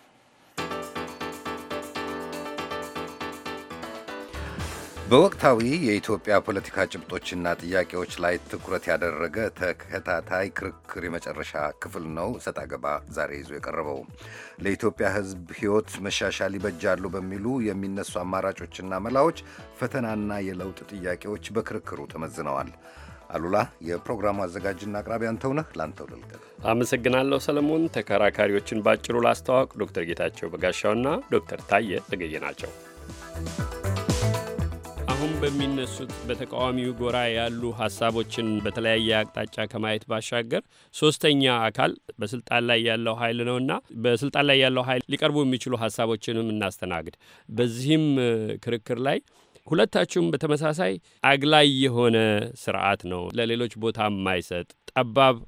Speaker 4: በወቅታዊ የኢትዮጵያ ፖለቲካ ጭብጦችና ጥያቄዎች ላይ ትኩረት ያደረገ ተከታታይ ክርክር የመጨረሻ ክፍል ነው። እሰጥ አገባ ዛሬ ይዞ የቀረበው ለኢትዮጵያ ሕዝብ ሕይወት መሻሻል ይበጃሉ በሚሉ የሚነሱ አማራጮችና መላዎች፣ ፈተናና የለውጥ ጥያቄዎች በክርክሩ ተመዝነዋል። አሉላ የፕሮግራሙ አዘጋጅና አቅራቢ አንተውነህ ላንተው ልልቀቅ። አመሰግናለሁ ሰለሞን።
Speaker 3: ተከራካሪዎችን ባጭሩ ላስተዋወቅ ዶክተር ጌታቸው በጋሻውና ዶክተር ታየ ተገየ ናቸው። አሁን በሚነሱት በተቃዋሚው ጎራ ያሉ ሀሳቦችን በተለያየ አቅጣጫ ከማየት ባሻገር ሶስተኛ አካል በስልጣን ላይ ያለው ኃይል ነውና በስልጣን ላይ ያለው ኃይል ሊቀርቡ የሚችሉ ሀሳቦችንም እናስተናግድ። በዚህም ክርክር ላይ ሁለታችሁም በተመሳሳይ አግላይ የሆነ ስርዓት ነው፣ ለሌሎች ቦታ የማይሰጥ ጠባብ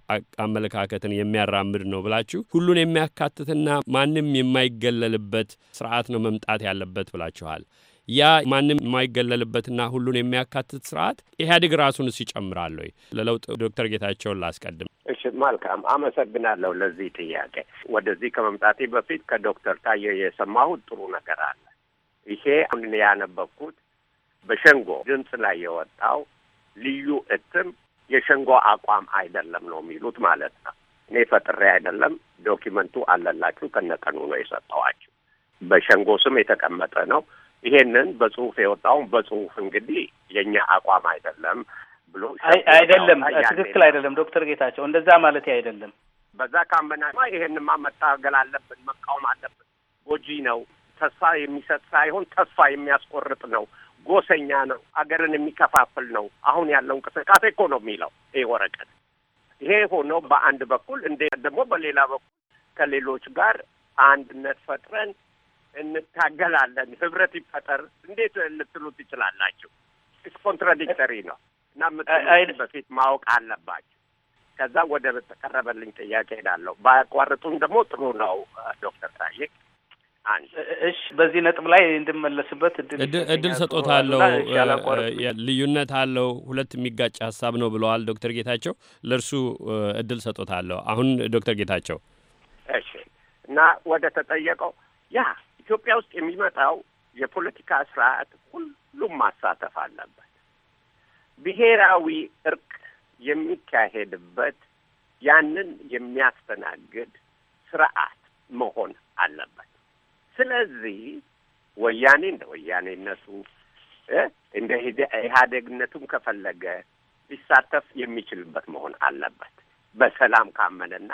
Speaker 3: አመለካከትን የሚያራምድ ነው ብላችሁ ሁሉን የሚያካትትና ማንም የማይገለልበት ስርዓት ነው መምጣት ያለበት ብላችኋል። ያ ማንም የማይገለልበትና ሁሉን የሚያካትት ስርዓት ኢህአዴግ ራሱንስ ይጨምራል ወይ? ለለውጥ ዶክተር ጌታቸውን ላስቀድም።
Speaker 1: እሺ፣ መልካም አመሰግናለሁ ለዚህ ጥያቄ። ወደዚህ ከመምጣቴ በፊት ከዶክተር ታየ የሰማሁት ጥሩ ነገር አለ። ይሄ አሁን ያነበብኩት በሸንጎ ድምፅ ላይ የወጣው ልዩ እትም የሸንጎ አቋም አይደለም ነው የሚሉት ማለት ነው። እኔ ፈጥሬ አይደለም፣ ዶኪመንቱ አለላችሁ። ከነቀኑ ነው የሰጠዋችሁ። በሸንጎ ስም የተቀመጠ ነው። ይሄንን በጽሁፍ የወጣውን በጽሁፍ እንግዲህ የእኛ አቋም አይደለም ብሎ አይደለም፣ ትክክል አይደለም።
Speaker 12: ዶክተር ጌታቸው እንደዛ ማለት አይደለም። በዛ ካመናማ
Speaker 1: ይሄንማ መታገል አለብን፣ መቃወም አለብን። ጎጂ ነው፣ ተስፋ የሚሰጥ ሳይሆን ተስፋ የሚያስቆርጥ ነው፣ ጎሰኛ ነው፣ አገርን የሚከፋፍል ነው። አሁን ያለው እንቅስቃሴ እኮ ነው የሚለው ይህ ወረቀት። ይሄ ሆኖ በአንድ በኩል እንደ ደግሞ በሌላ በኩል ከሌሎች ጋር አንድነት ፈጥረን እንታገላለን፣ ህብረት ይፈጠር እንዴት ልትሉት ትችላላችሁ? ኢስ ኮንትራዲክተሪ ነው እና በፊት ማወቅ አለባችሁ። ከዛ ወደ ተቀረበልኝ ጥያቄ ሄዳለሁ። ባያቋርጡም
Speaker 12: ደግሞ ጥሩ ነው ዶክተር ታዬ እሺ በዚህ ነጥብ ላይ እንድመለስበት እድል ሰጦታለሁ።
Speaker 3: ልዩነት አለው፣ ሁለት የሚጋጭ ሀሳብ ነው ብለዋል ዶክተር ጌታቸው። ለእርሱ እድል ሰጦታለሁ። አሁን ዶክተር ጌታቸው
Speaker 1: እሺ እና ወደ ተጠየቀው ያ ኢትዮጵያ ውስጥ የሚመጣው የፖለቲካ ስርዓት ሁሉም ማሳተፍ አለበት። ብሔራዊ እርቅ የሚካሄድበት ያንን የሚያስተናግድ ስርዓት መሆን አለበት። ስለዚህ ወያኔ እንደ ወያኔነቱ እንደ ኢህአዴግነቱም ከፈለገ ሊሳተፍ የሚችልበት መሆን አለበት። በሰላም ካመነና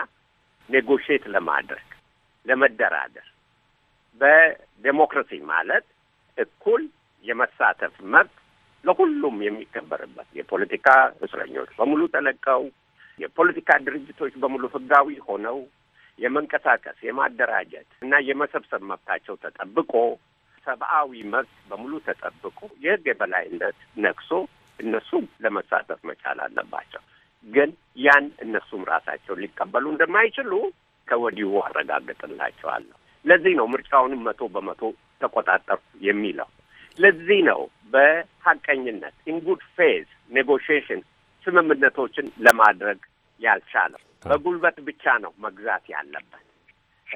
Speaker 1: ኔጎሽት ለማድረግ ለመደራደር በዴሞክራሲ ማለት እኩል የመሳተፍ መብት ለሁሉም የሚከበርበት የፖለቲካ እስረኞች በሙሉ ተለቀው የፖለቲካ ድርጅቶች በሙሉ ህጋዊ ሆነው የመንቀሳቀስ የማደራጀት እና የመሰብሰብ መብታቸው ተጠብቆ ሰብአዊ መብት በሙሉ ተጠብቆ የህግ የበላይነት ነግሶ እነሱም ለመሳተፍ መቻል አለባቸው። ግን ያን እነሱም ራሳቸው ሊቀበሉ እንደማይችሉ ከወዲሁ አረጋግጥላቸዋለሁ። ለዚህ ነው ምርጫውንም መቶ በመቶ ተቆጣጠርኩ የሚለው። ለዚህ ነው በሀቀኝነት ኢንጉድ ፌዝ ኔጎሽሽን ስምምነቶችን ለማድረግ ያልቻለው። በጉልበት ብቻ ነው መግዛት ያለበት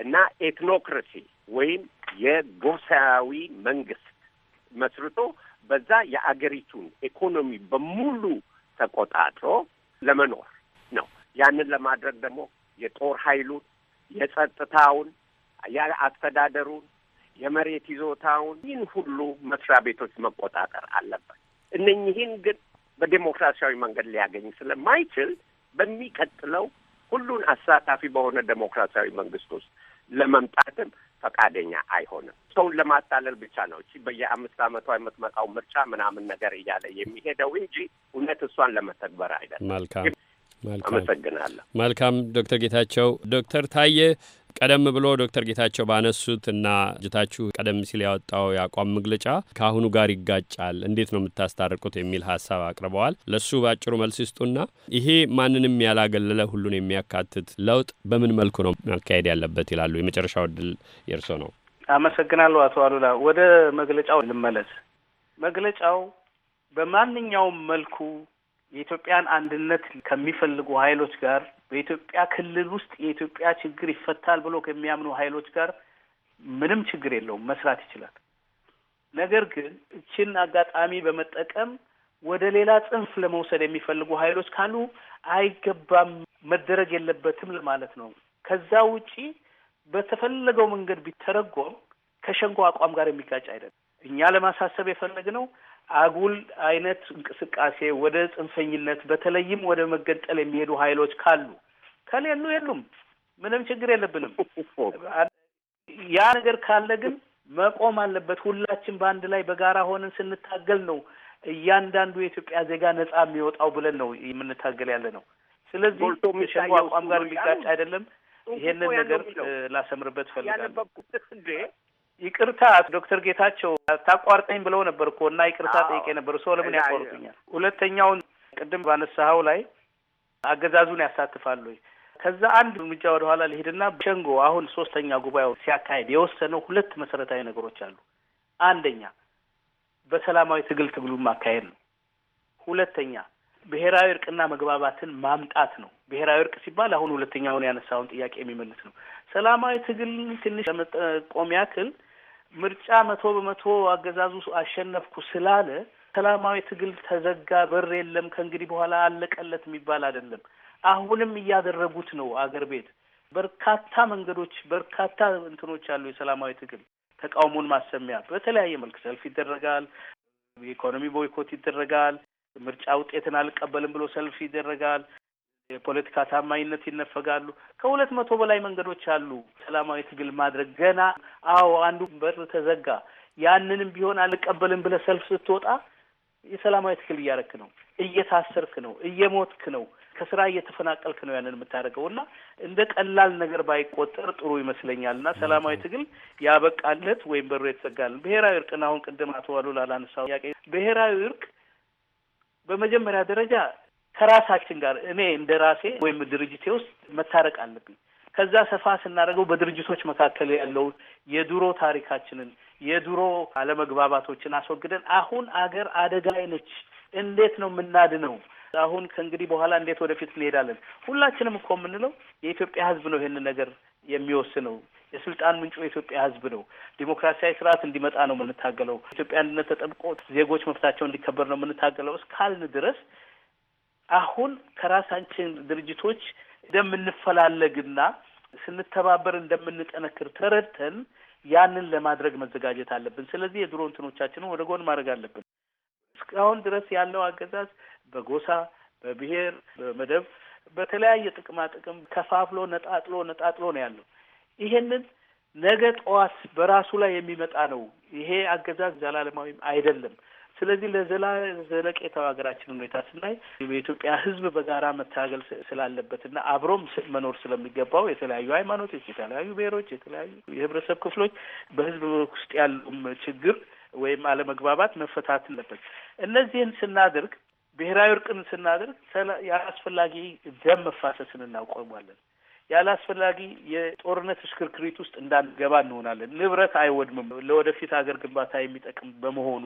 Speaker 1: እና ኤትኖክራሲ ወይም የጎሳዊ መንግስት መስርቶ በዛ የአገሪቱን ኢኮኖሚ በሙሉ ተቆጣጥሮ ለመኖር ነው። ያንን ለማድረግ ደግሞ የጦር ኃይሉን የጸጥታውን የአስተዳደሩን የመሬት ይዞታውን ይህን ሁሉ መስሪያ ቤቶች መቆጣጠር አለበት። እነኚህን ግን በዴሞክራሲያዊ መንገድ ሊያገኝ ስለማይችል በሚቀጥለው ሁሉን አሳታፊ በሆነ ዴሞክራሲያዊ መንግስት ውስጥ ለመምጣትም ፈቃደኛ አይሆንም። ሰውን ለማታለል ብቻ ነው እ በየአምስት አመቷ የምትመጣው ምርጫ ምናምን ነገር እያለ የሚሄደው እንጂ እውነት እሷን ለመተግበር አይደለም። መልካም፣ አመሰግናለሁ።
Speaker 3: መልካም ዶክተር ጌታቸው ዶክተር ታዬ ቀደም ብሎ ዶክተር ጌታቸው ባነሱት እና ጅታችሁ ቀደም ሲል ያወጣው የአቋም መግለጫ ከአሁኑ ጋር ይጋጫል፣ እንዴት ነው የምታስታርቁት የሚል ሀሳብ አቅርበዋል። ለሱ በአጭሩ መልስ ይስጡና ይሄ ማንንም ያላገለለ ሁሉን የሚያካትት ለውጥ በምን መልኩ ነው ማካሄድ ያለበት ይላሉ? የመጨረሻው እድል የእርሶ ነው።
Speaker 12: አመሰግናለሁ አቶ አሉላ። ወደ መግለጫው ልመለስ። መግለጫው በማንኛውም መልኩ የኢትዮጵያን አንድነት ከሚፈልጉ ኃይሎች ጋር በኢትዮጵያ ክልል ውስጥ የኢትዮጵያ ችግር ይፈታል ብሎ ከሚያምኑ ኃይሎች ጋር ምንም ችግር የለውም፣ መስራት ይችላል። ነገር ግን እችን አጋጣሚ በመጠቀም ወደ ሌላ ጽንፍ ለመውሰድ የሚፈልጉ ኃይሎች ካሉ አይገባም፣ መደረግ የለበትም ለማለት ነው። ከዛ ውጪ በተፈለገው መንገድ ቢተረጎም ከሸንጎ አቋም ጋር የሚጋጭ አይደለም። እኛ ለማሳሰብ የፈለግነው አጉል አይነት እንቅስቃሴ ወደ ጽንፈኝነት በተለይም ወደ መገንጠል የሚሄዱ ሀይሎች ካሉ ከሌሉ የሉም፣ ምንም ችግር የለብንም። ያ ነገር ካለ ግን መቆም አለበት። ሁላችን በአንድ ላይ በጋራ ሆነን ስንታገል ነው እያንዳንዱ የኢትዮጵያ ዜጋ ነጻ የሚወጣው ብለን ነው የምንታገል ያለ ነው። ስለዚህ ከሸኔ አቋም ጋር የሚጋጭ አይደለም። ይሄንን ነገር ላሰምርበት እፈልጋለሁ። ይቅርታ ዶክተር ጌታቸው ታቋርጠኝ ብለው ነበር እኮ እና ይቅርታ ጠይቄ ነበር። ሰው ለምን ያቋርጡኛል? ሁለተኛውን ቅድም ባነሳኸው ላይ አገዛዙን ያሳትፋሉ። ከዛ አንድ እርምጃ ወደ ኋላ ሊሄድና ሸንጎ አሁን ሶስተኛ ጉባኤው ሲያካሄድ የወሰነው ሁለት መሰረታዊ ነገሮች አሉ። አንደኛ በሰላማዊ ትግል ትግሉን ማካሄድ ነው። ሁለተኛ ብሔራዊ እርቅና መግባባትን ማምጣት ነው። ብሔራዊ እርቅ ሲባል አሁን ሁለተኛውን ያነሳውን ጥያቄ የሚመልስ ነው። ሰላማዊ ትግል ትንሽ ለመጠቆም ያክል ምርጫ መቶ በመቶ አገዛዙ አሸነፍኩ ስላለ ሰላማዊ ትግል ተዘጋ፣ በር የለም፣ ከእንግዲህ በኋላ አለቀለት የሚባል አይደለም። አሁንም እያደረጉት ነው። አገር ቤት በርካታ መንገዶች፣ በርካታ እንትኖች አሉ። የሰላማዊ ትግል ተቃውሞን ማሰሚያ በተለያየ መልክ ሰልፍ ይደረጋል፣ የኢኮኖሚ ቦይኮት ይደረጋል፣ ምርጫ ውጤትን አልቀበልም ብሎ ሰልፍ ይደረጋል። የፖለቲካ ታማኝነት ይነፈጋሉ። ከሁለት መቶ በላይ መንገዶች አሉ ሰላማዊ ትግል ማድረግ። ገና አዎ አንዱ በር ተዘጋ። ያንንም ቢሆን አልቀበልም ብለህ ሰልፍ ስትወጣ የሰላማዊ ትግል እያረክ ነው፣ እየታሰርክ ነው፣ እየሞትክ ነው፣ ከስራ እየተፈናቀልክ ነው ያንን የምታደርገው እና እንደ ቀላል ነገር ባይቆጠር ጥሩ ይመስለኛል። እና ሰላማዊ ትግል ያበቃለት ወይም በሩ የተዘጋለን ብሔራዊ እርቅን አሁን ቅድም አቶ አሉላ ላነሳው ጥያቄ ብሔራዊ እርቅ በመጀመሪያ ደረጃ ከራሳችን ጋር እኔ እንደ ራሴ ወይም ድርጅቴ ውስጥ መታረቅ አለብኝ። ከዛ ሰፋ ስናደርገው በድርጅቶች መካከል ያለውን የድሮ ታሪካችንን የድሮ አለመግባባቶችን አስወግደን አሁን አገር አደጋ ላይ ነች፣ እንዴት ነው የምናድነው? አሁን ከእንግዲህ በኋላ እንዴት ወደፊት እንሄዳለን? ሁላችንም እኮ የምንለው የኢትዮጵያ ሕዝብ ነው ይህን ነገር የሚወስነው የስልጣን ምንጩ የኢትዮጵያ ህዝብ ነው። ዲሞክራሲያዊ ስርዓት እንዲመጣ ነው የምንታገለው። ኢትዮጵያ አንድነት ተጠብቆ ዜጎች መብታቸው እንዲከበር ነው የምንታገለው እስካልን ድረስ አሁን ከራሳችን ድርጅቶች እንደምንፈላለግና ስንተባበር እንደምንጠነክር ተረድተን ያንን ለማድረግ መዘጋጀት አለብን። ስለዚህ የድሮ እንትኖቻችንን ወደ ጎን ማድረግ አለብን። እስካሁን ድረስ ያለው አገዛዝ በጎሳ በብሔር፣ በመደብ፣ በተለያየ ጥቅማ ጥቅም ከፋፍሎ ነጣጥሎ ነጣጥሎ ነው ያለው። ይሄንን ነገ ጠዋት በራሱ ላይ የሚመጣ ነው። ይሄ አገዛዝ ዘላለማዊም አይደለም። ስለዚህ ለዘላ ዘለቄታው ሀገራችን ሁኔታ ስናይ በኢትዮጵያ ሕዝብ በጋራ መታገል ስላለበት እና አብሮም መኖር ስለሚገባው የተለያዩ ሃይማኖቶች፣ የተለያዩ ብሔሮች፣ የተለያዩ የህብረተሰብ ክፍሎች በሕዝብ ውስጥ ያሉም ችግር ወይም አለመግባባት መፈታት አለበት። እነዚህን ስናደርግ ብሔራዊ እርቅን ስናደርግ የአስፈላጊ ደም መፋሰስን እናቆማለን። አስፈላጊ የጦርነት እሽክርክሪት ውስጥ እንዳንገባ እንሆናለን። ንብረት አይወድምም፣ ለወደፊት ሀገር ግንባታ የሚጠቅም በመሆኑ።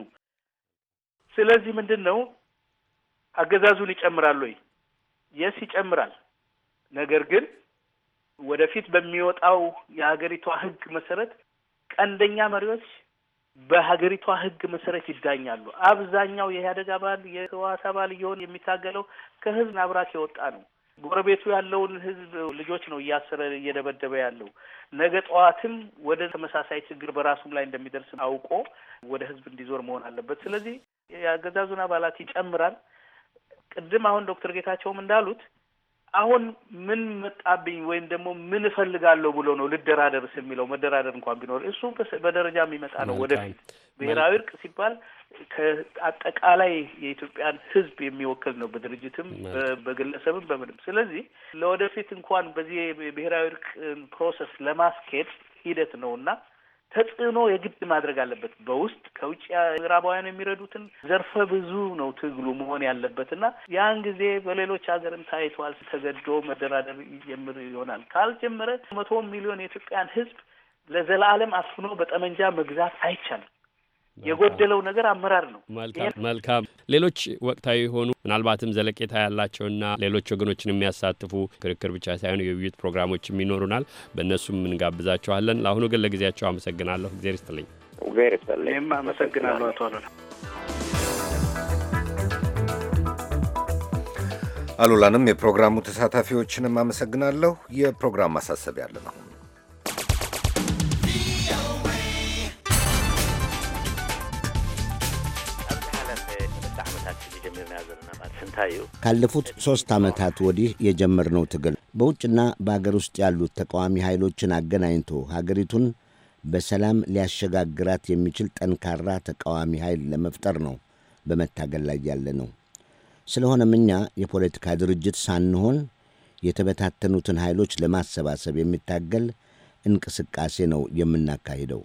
Speaker 12: ስለዚህ ምንድን ነው አገዛዙን ይጨምራል ወይ? የስ ይጨምራል። ነገር ግን ወደፊት በሚወጣው የሀገሪቷ ህግ መሰረት ቀንደኛ መሪዎች በሀገሪቷ ህግ መሰረት ይዳኛሉ። አብዛኛው የኢህአዴግ አባል የህወሓት አባል እየሆን የሚታገለው ከህዝብ አብራክ የወጣ ነው። ጎረቤቱ ያለውን ህዝብ ልጆች ነው እያሰረ እየደበደበ ያለው። ነገ ጠዋትም ወደ ተመሳሳይ ችግር በራሱም ላይ እንደሚደርስ አውቆ ወደ ህዝብ እንዲዞር መሆን አለበት። ስለዚህ የአገዛዙን አባላት ይጨምራል። ቅድም አሁን ዶክተር ጌታቸውም እንዳሉት አሁን ምን መጣብኝ ወይም ደግሞ ምን እፈልጋለሁ ብሎ ነው ልደራደርስ የሚለው መደራደር እንኳን ቢኖር እሱ በደረጃ የሚመጣ ነው። ወደፊት ብሔራዊ እርቅ ሲባል ከአጠቃላይ የኢትዮጵያን ሕዝብ የሚወክል ነው በድርጅትም በግለሰብም በምንም። ስለዚህ ለወደፊት እንኳን በዚህ ብሔራዊ እርቅ ፕሮሰስ ለማስኬድ ሂደት ነው እና ተጽዕኖ የግድ ማድረግ አለበት። በውስጥ ከውጭ ምዕራባውያን የሚረዱትን ዘርፈ ብዙ ነው ትግሉ መሆን ያለበት እና ያን ጊዜ በሌሎች ሀገርም ታይቷል። ተገዶ መደራደር ይጀምር ይሆናል። ካልጀመረ መቶ ሚሊዮን የኢትዮጵያን ሕዝብ ለዘላለም አፍኖ በጠመንጃ መግዛት አይቻልም። የጎደለው ነገር አመራር ነው።
Speaker 3: መልካም መልካም። ሌሎች ወቅታዊ የሆኑ ምናልባትም ዘለቄታ ያላቸውና ሌሎች ወገኖችን የሚያሳትፉ ክርክር ብቻ ሳይሆን የውይይት ፕሮግራሞችም ይኖሩናል። በእነሱም እንጋብዛችኋለን። ለአሁኑ ግን ለጊዜያቸው አመሰግናለሁ። እግዜር ይስጥልኝ።
Speaker 12: እግዜር ይስጥልኝ። አመሰግናለሁ አቶ አሉላ።
Speaker 4: አሉላንም የፕሮግራሙ ተሳታፊዎችንም አመሰግናለሁ። የፕሮግራም ማሳሰቢያ ያለ ነው።
Speaker 1: ስታዩ
Speaker 8: ካለፉት ሦስት ዓመታት ወዲህ የጀመርነው ትግል በውጭና በአገር ውስጥ ያሉት ተቃዋሚ ኃይሎችን አገናኝቶ ሀገሪቱን በሰላም ሊያሸጋግራት የሚችል ጠንካራ ተቃዋሚ ኃይል ለመፍጠር ነው በመታገል ላይ ያለ ነው። ስለሆነም እኛ የፖለቲካ ድርጅት ሳንሆን የተበታተኑትን ኃይሎች ለማሰባሰብ የሚታገል እንቅስቃሴ ነው የምናካሂደው።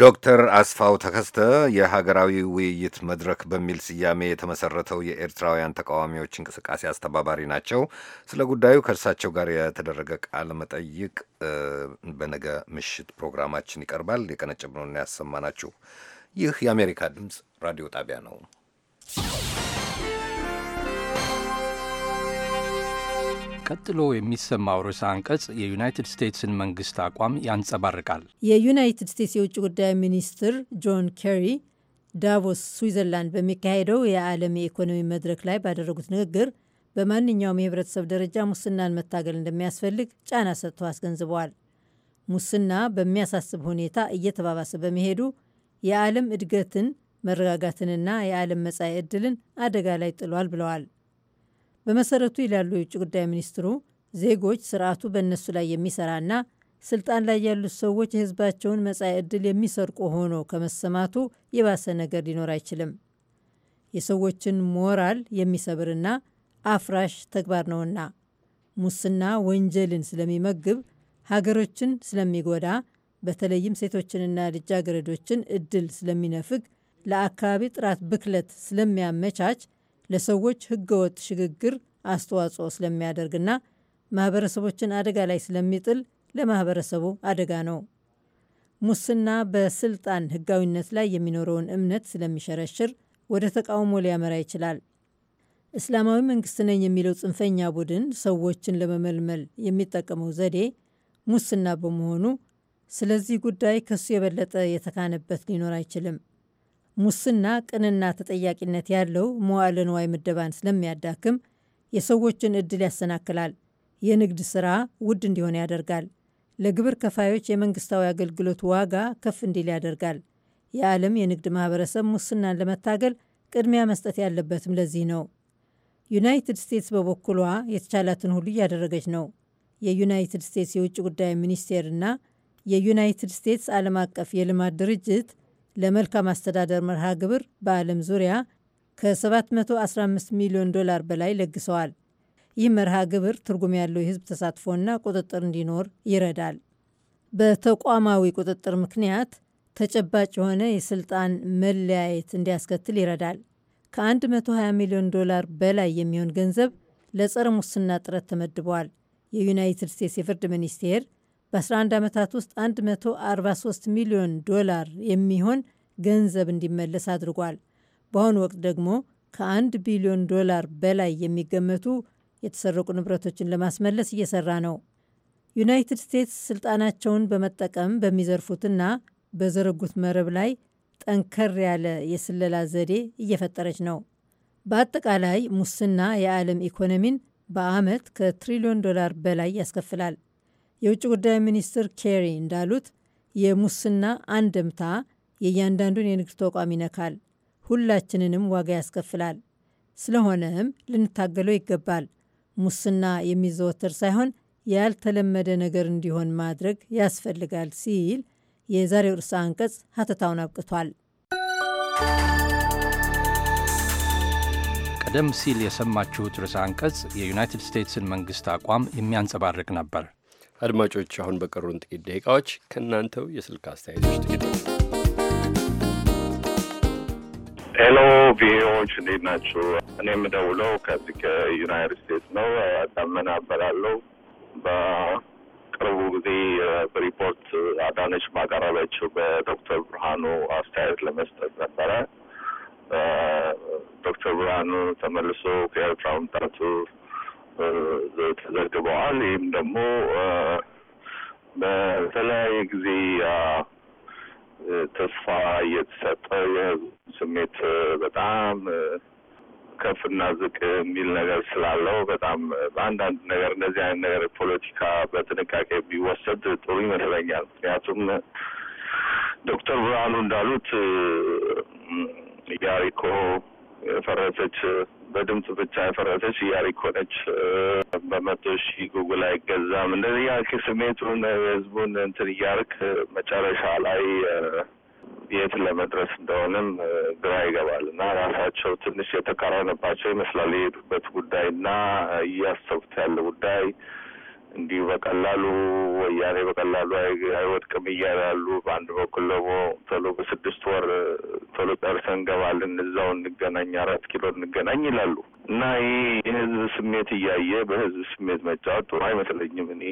Speaker 4: ዶክተር አስፋው ተከስተ የሀገራዊ ውይይት መድረክ በሚል ስያሜ የተመሰረተው የኤርትራውያን ተቃዋሚዎች እንቅስቃሴ አስተባባሪ ናቸው። ስለ ጉዳዩ ከእርሳቸው ጋር የተደረገ ቃለ መጠይቅ በነገ ምሽት ፕሮግራማችን ይቀርባል። የቀነጨብነውን ያሰማናችሁ። ይህ የአሜሪካ ድምፅ ራዲዮ ጣቢያ ነው። ቀጥሎ የሚሰማው ርዕሰ አንቀጽ የዩናይትድ ስቴትስን መንግስት
Speaker 1: አቋም ያንጸባርቃል።
Speaker 6: የዩናይትድ ስቴትስ የውጭ ጉዳይ ሚኒስትር ጆን ኬሪ ዳቮስ፣ ስዊዘርላንድ በሚካሄደው የዓለም የኢኮኖሚ መድረክ ላይ ባደረጉት ንግግር በማንኛውም የህብረተሰብ ደረጃ ሙስናን መታገል እንደሚያስፈልግ ጫና ሰጥተው አስገንዝበዋል። ሙስና በሚያሳስብ ሁኔታ እየተባባሰ በመሄዱ የዓለም እድገትን መረጋጋትንና የዓለም መጻኢ ዕድልን አደጋ ላይ ጥሏል ብለዋል። በመሰረቱ ይላሉ የውጭ ጉዳይ ሚኒስትሩ፣ ዜጎች ስርዓቱ በእነሱ ላይ የሚሰራና ስልጣን ላይ ያሉት ሰዎች የህዝባቸውን መጻኢ ዕድል የሚሰርቁ ሆኖ ከመሰማቱ የባሰ ነገር ሊኖር አይችልም። የሰዎችን ሞራል የሚሰብርና አፍራሽ ተግባር ነውና ሙስና ወንጀልን ስለሚመግብ፣ ሀገሮችን ስለሚጎዳ፣ በተለይም ሴቶችንና ልጃገረዶችን እድል ስለሚነፍግ፣ ለአካባቢ ጥራት ብክለት ስለሚያመቻች ለሰዎች ህገወጥ ሽግግር አስተዋጽኦ ስለሚያደርግና ማህበረሰቦችን አደጋ ላይ ስለሚጥል ለማህበረሰቡ አደጋ ነው። ሙስና በስልጣን ህጋዊነት ላይ የሚኖረውን እምነት ስለሚሸረሽር ወደ ተቃውሞ ሊያመራ ይችላል። እስላማዊ መንግስት ነኝ የሚለው ጽንፈኛ ቡድን ሰዎችን ለመመልመል የሚጠቀመው ዘዴ ሙስና በመሆኑ ስለዚህ ጉዳይ ከሱ የበለጠ የተካነበት ሊኖር አይችልም። ሙስና ቅንና ተጠያቂነት ያለው መዋዕለ ንዋይ ምደባን ስለሚያዳክም የሰዎችን እድል ያሰናክላል፣ የንግድ ሥራ ውድ እንዲሆን ያደርጋል፣ ለግብር ከፋዮች የመንግስታዊ አገልግሎት ዋጋ ከፍ እንዲል ያደርጋል። የዓለም የንግድ ማህበረሰብ ሙስናን ለመታገል ቅድሚያ መስጠት ያለበትም ለዚህ ነው። ዩናይትድ ስቴትስ በበኩሏ የተቻላትን ሁሉ እያደረገች ነው። የዩናይትድ ስቴትስ የውጭ ጉዳይ ሚኒስቴርና የዩናይትድ ስቴትስ ዓለም አቀፍ የልማት ድርጅት ለመልካም አስተዳደር መርሃ ግብር በዓለም ዙሪያ ከ715 ሚሊዮን ዶላር በላይ ለግሰዋል። ይህ መርሃ ግብር ትርጉም ያለው የህዝብ ተሳትፎና ቁጥጥር እንዲኖር ይረዳል። በተቋማዊ ቁጥጥር ምክንያት ተጨባጭ የሆነ የስልጣን መለያየት እንዲያስከትል ይረዳል። ከ120 ሚሊዮን ዶላር በላይ የሚሆን ገንዘብ ለጸረ ሙስና ጥረት ተመድቧል። የዩናይትድ ስቴትስ የፍርድ ሚኒስቴር በ11 ዓመታት ውስጥ 143 ሚሊዮን ዶላር የሚሆን ገንዘብ እንዲመለስ አድርጓል። በአሁኑ ወቅት ደግሞ ከ1 ቢሊዮን ዶላር በላይ የሚገመቱ የተሰረቁ ንብረቶችን ለማስመለስ እየሰራ ነው። ዩናይትድ ስቴትስ ስልጣናቸውን በመጠቀም በሚዘርፉትና በዘረጉት መረብ ላይ ጠንከር ያለ የስለላ ዘዴ እየፈጠረች ነው። በአጠቃላይ ሙስና የዓለም ኢኮኖሚን በዓመት ከትሪሊዮን ዶላር በላይ ያስከፍላል። የውጭ ጉዳይ ሚኒስትር ኬሪ እንዳሉት የሙስና አንድምታ የእያንዳንዱን የንግድ ተቋም ይነካል፣ ሁላችንንም ዋጋ ያስከፍላል። ስለሆነም ልንታገለው ይገባል። ሙስና የሚዘወተር ሳይሆን ያልተለመደ ነገር እንዲሆን ማድረግ ያስፈልጋል ሲል የዛሬው ርዕሰ አንቀጽ ሀተታውን አብቅቷል።
Speaker 1: ቀደም ሲል የሰማችሁት ርዕሰ አንቀጽ
Speaker 3: የዩናይትድ ስቴትስን መንግሥት አቋም የሚያንጸባርቅ ነበር። አድማጮች፣ አሁን በቀሩን ጥቂት ደቂቃዎች ከእናንተው የስልክ አስተያየቶች ጥቂት
Speaker 7: ሄሎ ቪኦኤዎች እንዴት ናችሁ? እኔ የምደውለው ከዚህ ከዩናይትድ ስቴትስ ነው። አዳመና እባላለሁ። በቅርቡ ጊዜ ሪፖርት አዳነች ማቀረበችው በዶክተር ብርሃኑ አስተያየት ለመስጠት ነበረ። ዶክተር ብርሃኑ ተመልሶ ከኤርትራ መምጣቱ ተዘግበዋል። ይህም ደግሞ በተለያየ ጊዜ ተስፋ እየተሰጠ የህዝብ ስሜት በጣም ከፍና ዝቅ የሚል ነገር ስላለው በጣም በአንዳንድ ነገር እንደዚህ አይነት ነገር ፖለቲካ በጥንቃቄ ቢወሰድ ጥሩ ይመስለኛል። ምክንያቱም ዶክተር ብርሃኑ እንዳሉት ያሪኮ የፈረሰች በድምፅ ብቻ የፈረሰች እያሪኮ ነች። በመቶ ሺህ ጉግል አይገዛም። እንደዚህ ያልክ ስሜቱን ህዝቡን እንትን እያርክ መጨረሻ ላይ የት ለመድረስ እንደሆነም ግራ ይገባል እና ራሳቸው ትንሽ የተቃረነባቸው ይመስላል የሄዱበት ጉዳይ እና እያሰቡት ያለ ጉዳይ እንዲህ በቀላሉ ወያኔ በቀላሉ አይወድቅም እያላሉ፣ በአንድ በኩል ደግሞ ቶሎ በስድስት ወር ቶሎ ጨርሰን እንገባለን እዛው እንገናኝ አራት ኪሎ እንገናኝ ይላሉ እና ይህ የህዝብ ስሜት እያየ በህዝብ ስሜት መጫወት ጥሩ አይመስለኝም እኔ።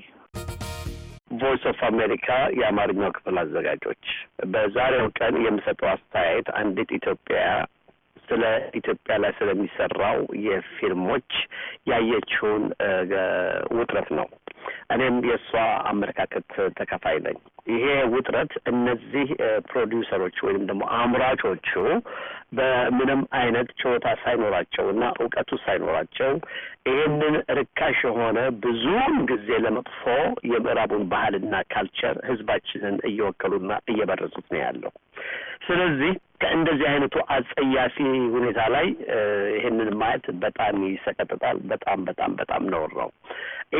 Speaker 7: ቮይስ ኦፍ
Speaker 5: አሜሪካ የአማርኛው ክፍል አዘጋጆች በዛሬው ቀን የምሰጠው አስተያየት አንዲት ኢትዮጵያ ስለ ኢትዮጵያ ላይ ስለሚሰራው የፊልሞች ያየችውን ውጥረት ነው። እኔም የእሷ አመለካከት ተከፋይ ነኝ። ይሄ ውጥረት እነዚህ ፕሮዲውሰሮች ወይም ደግሞ አምራቾቹ በምንም አይነት ችሎታ ሳይኖራቸው እና እውቀቱ ሳይኖራቸው ይህንን ርካሽ የሆነ ብዙውን ጊዜ ለመጥፎ የምዕራቡን ባህልና ካልቸር ህዝባችንን እየወከሉና እየበረዙት ነው ያለው። ስለዚህ ከእንደዚህ አይነቱ አጸያፊ ሁኔታ ላይ ይህንን ማየት በጣም ይሰቀጥጣል። በጣም በጣም በጣም ነውር ነው።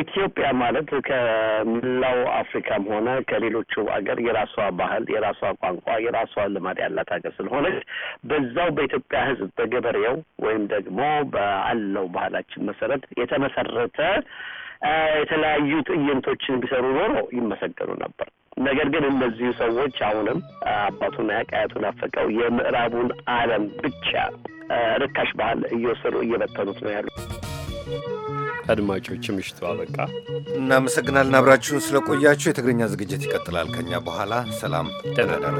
Speaker 5: ኢትዮጵያ ማለት ከምላው አፍሪካም ሆነ ከሌሎቹ የራሱ ሀገር፣ የራሷ ባህል፣ የራሷ ቋንቋ፣ የራሷ ልማድ ያላት ሀገር ስለሆነች በዛው በኢትዮጵያ ሕዝብ በገበሬው ወይም ደግሞ በአለው ባህላችን መሰረት የተመሰረተ የተለያዩ ትዕይንቶችን ቢሰሩ ኖሮ ይመሰገኑ ነበር። ነገር ግን እነዚህ ሰዎች አሁንም አባቱን ያቃያቱን አፈቀው የምዕራቡን ዓለም ብቻ ርካሽ ባህል እየወሰዱ እየበተኑት ነው ያሉት።
Speaker 4: አድማጮች፣ ምሽቱ አበቃ። እናመሰግናለን አብራችሁን ስለቆያችሁ። የትግርኛ ዝግጅት ይቀጥላል ከኛ በኋላ። ሰላም፣ ደህና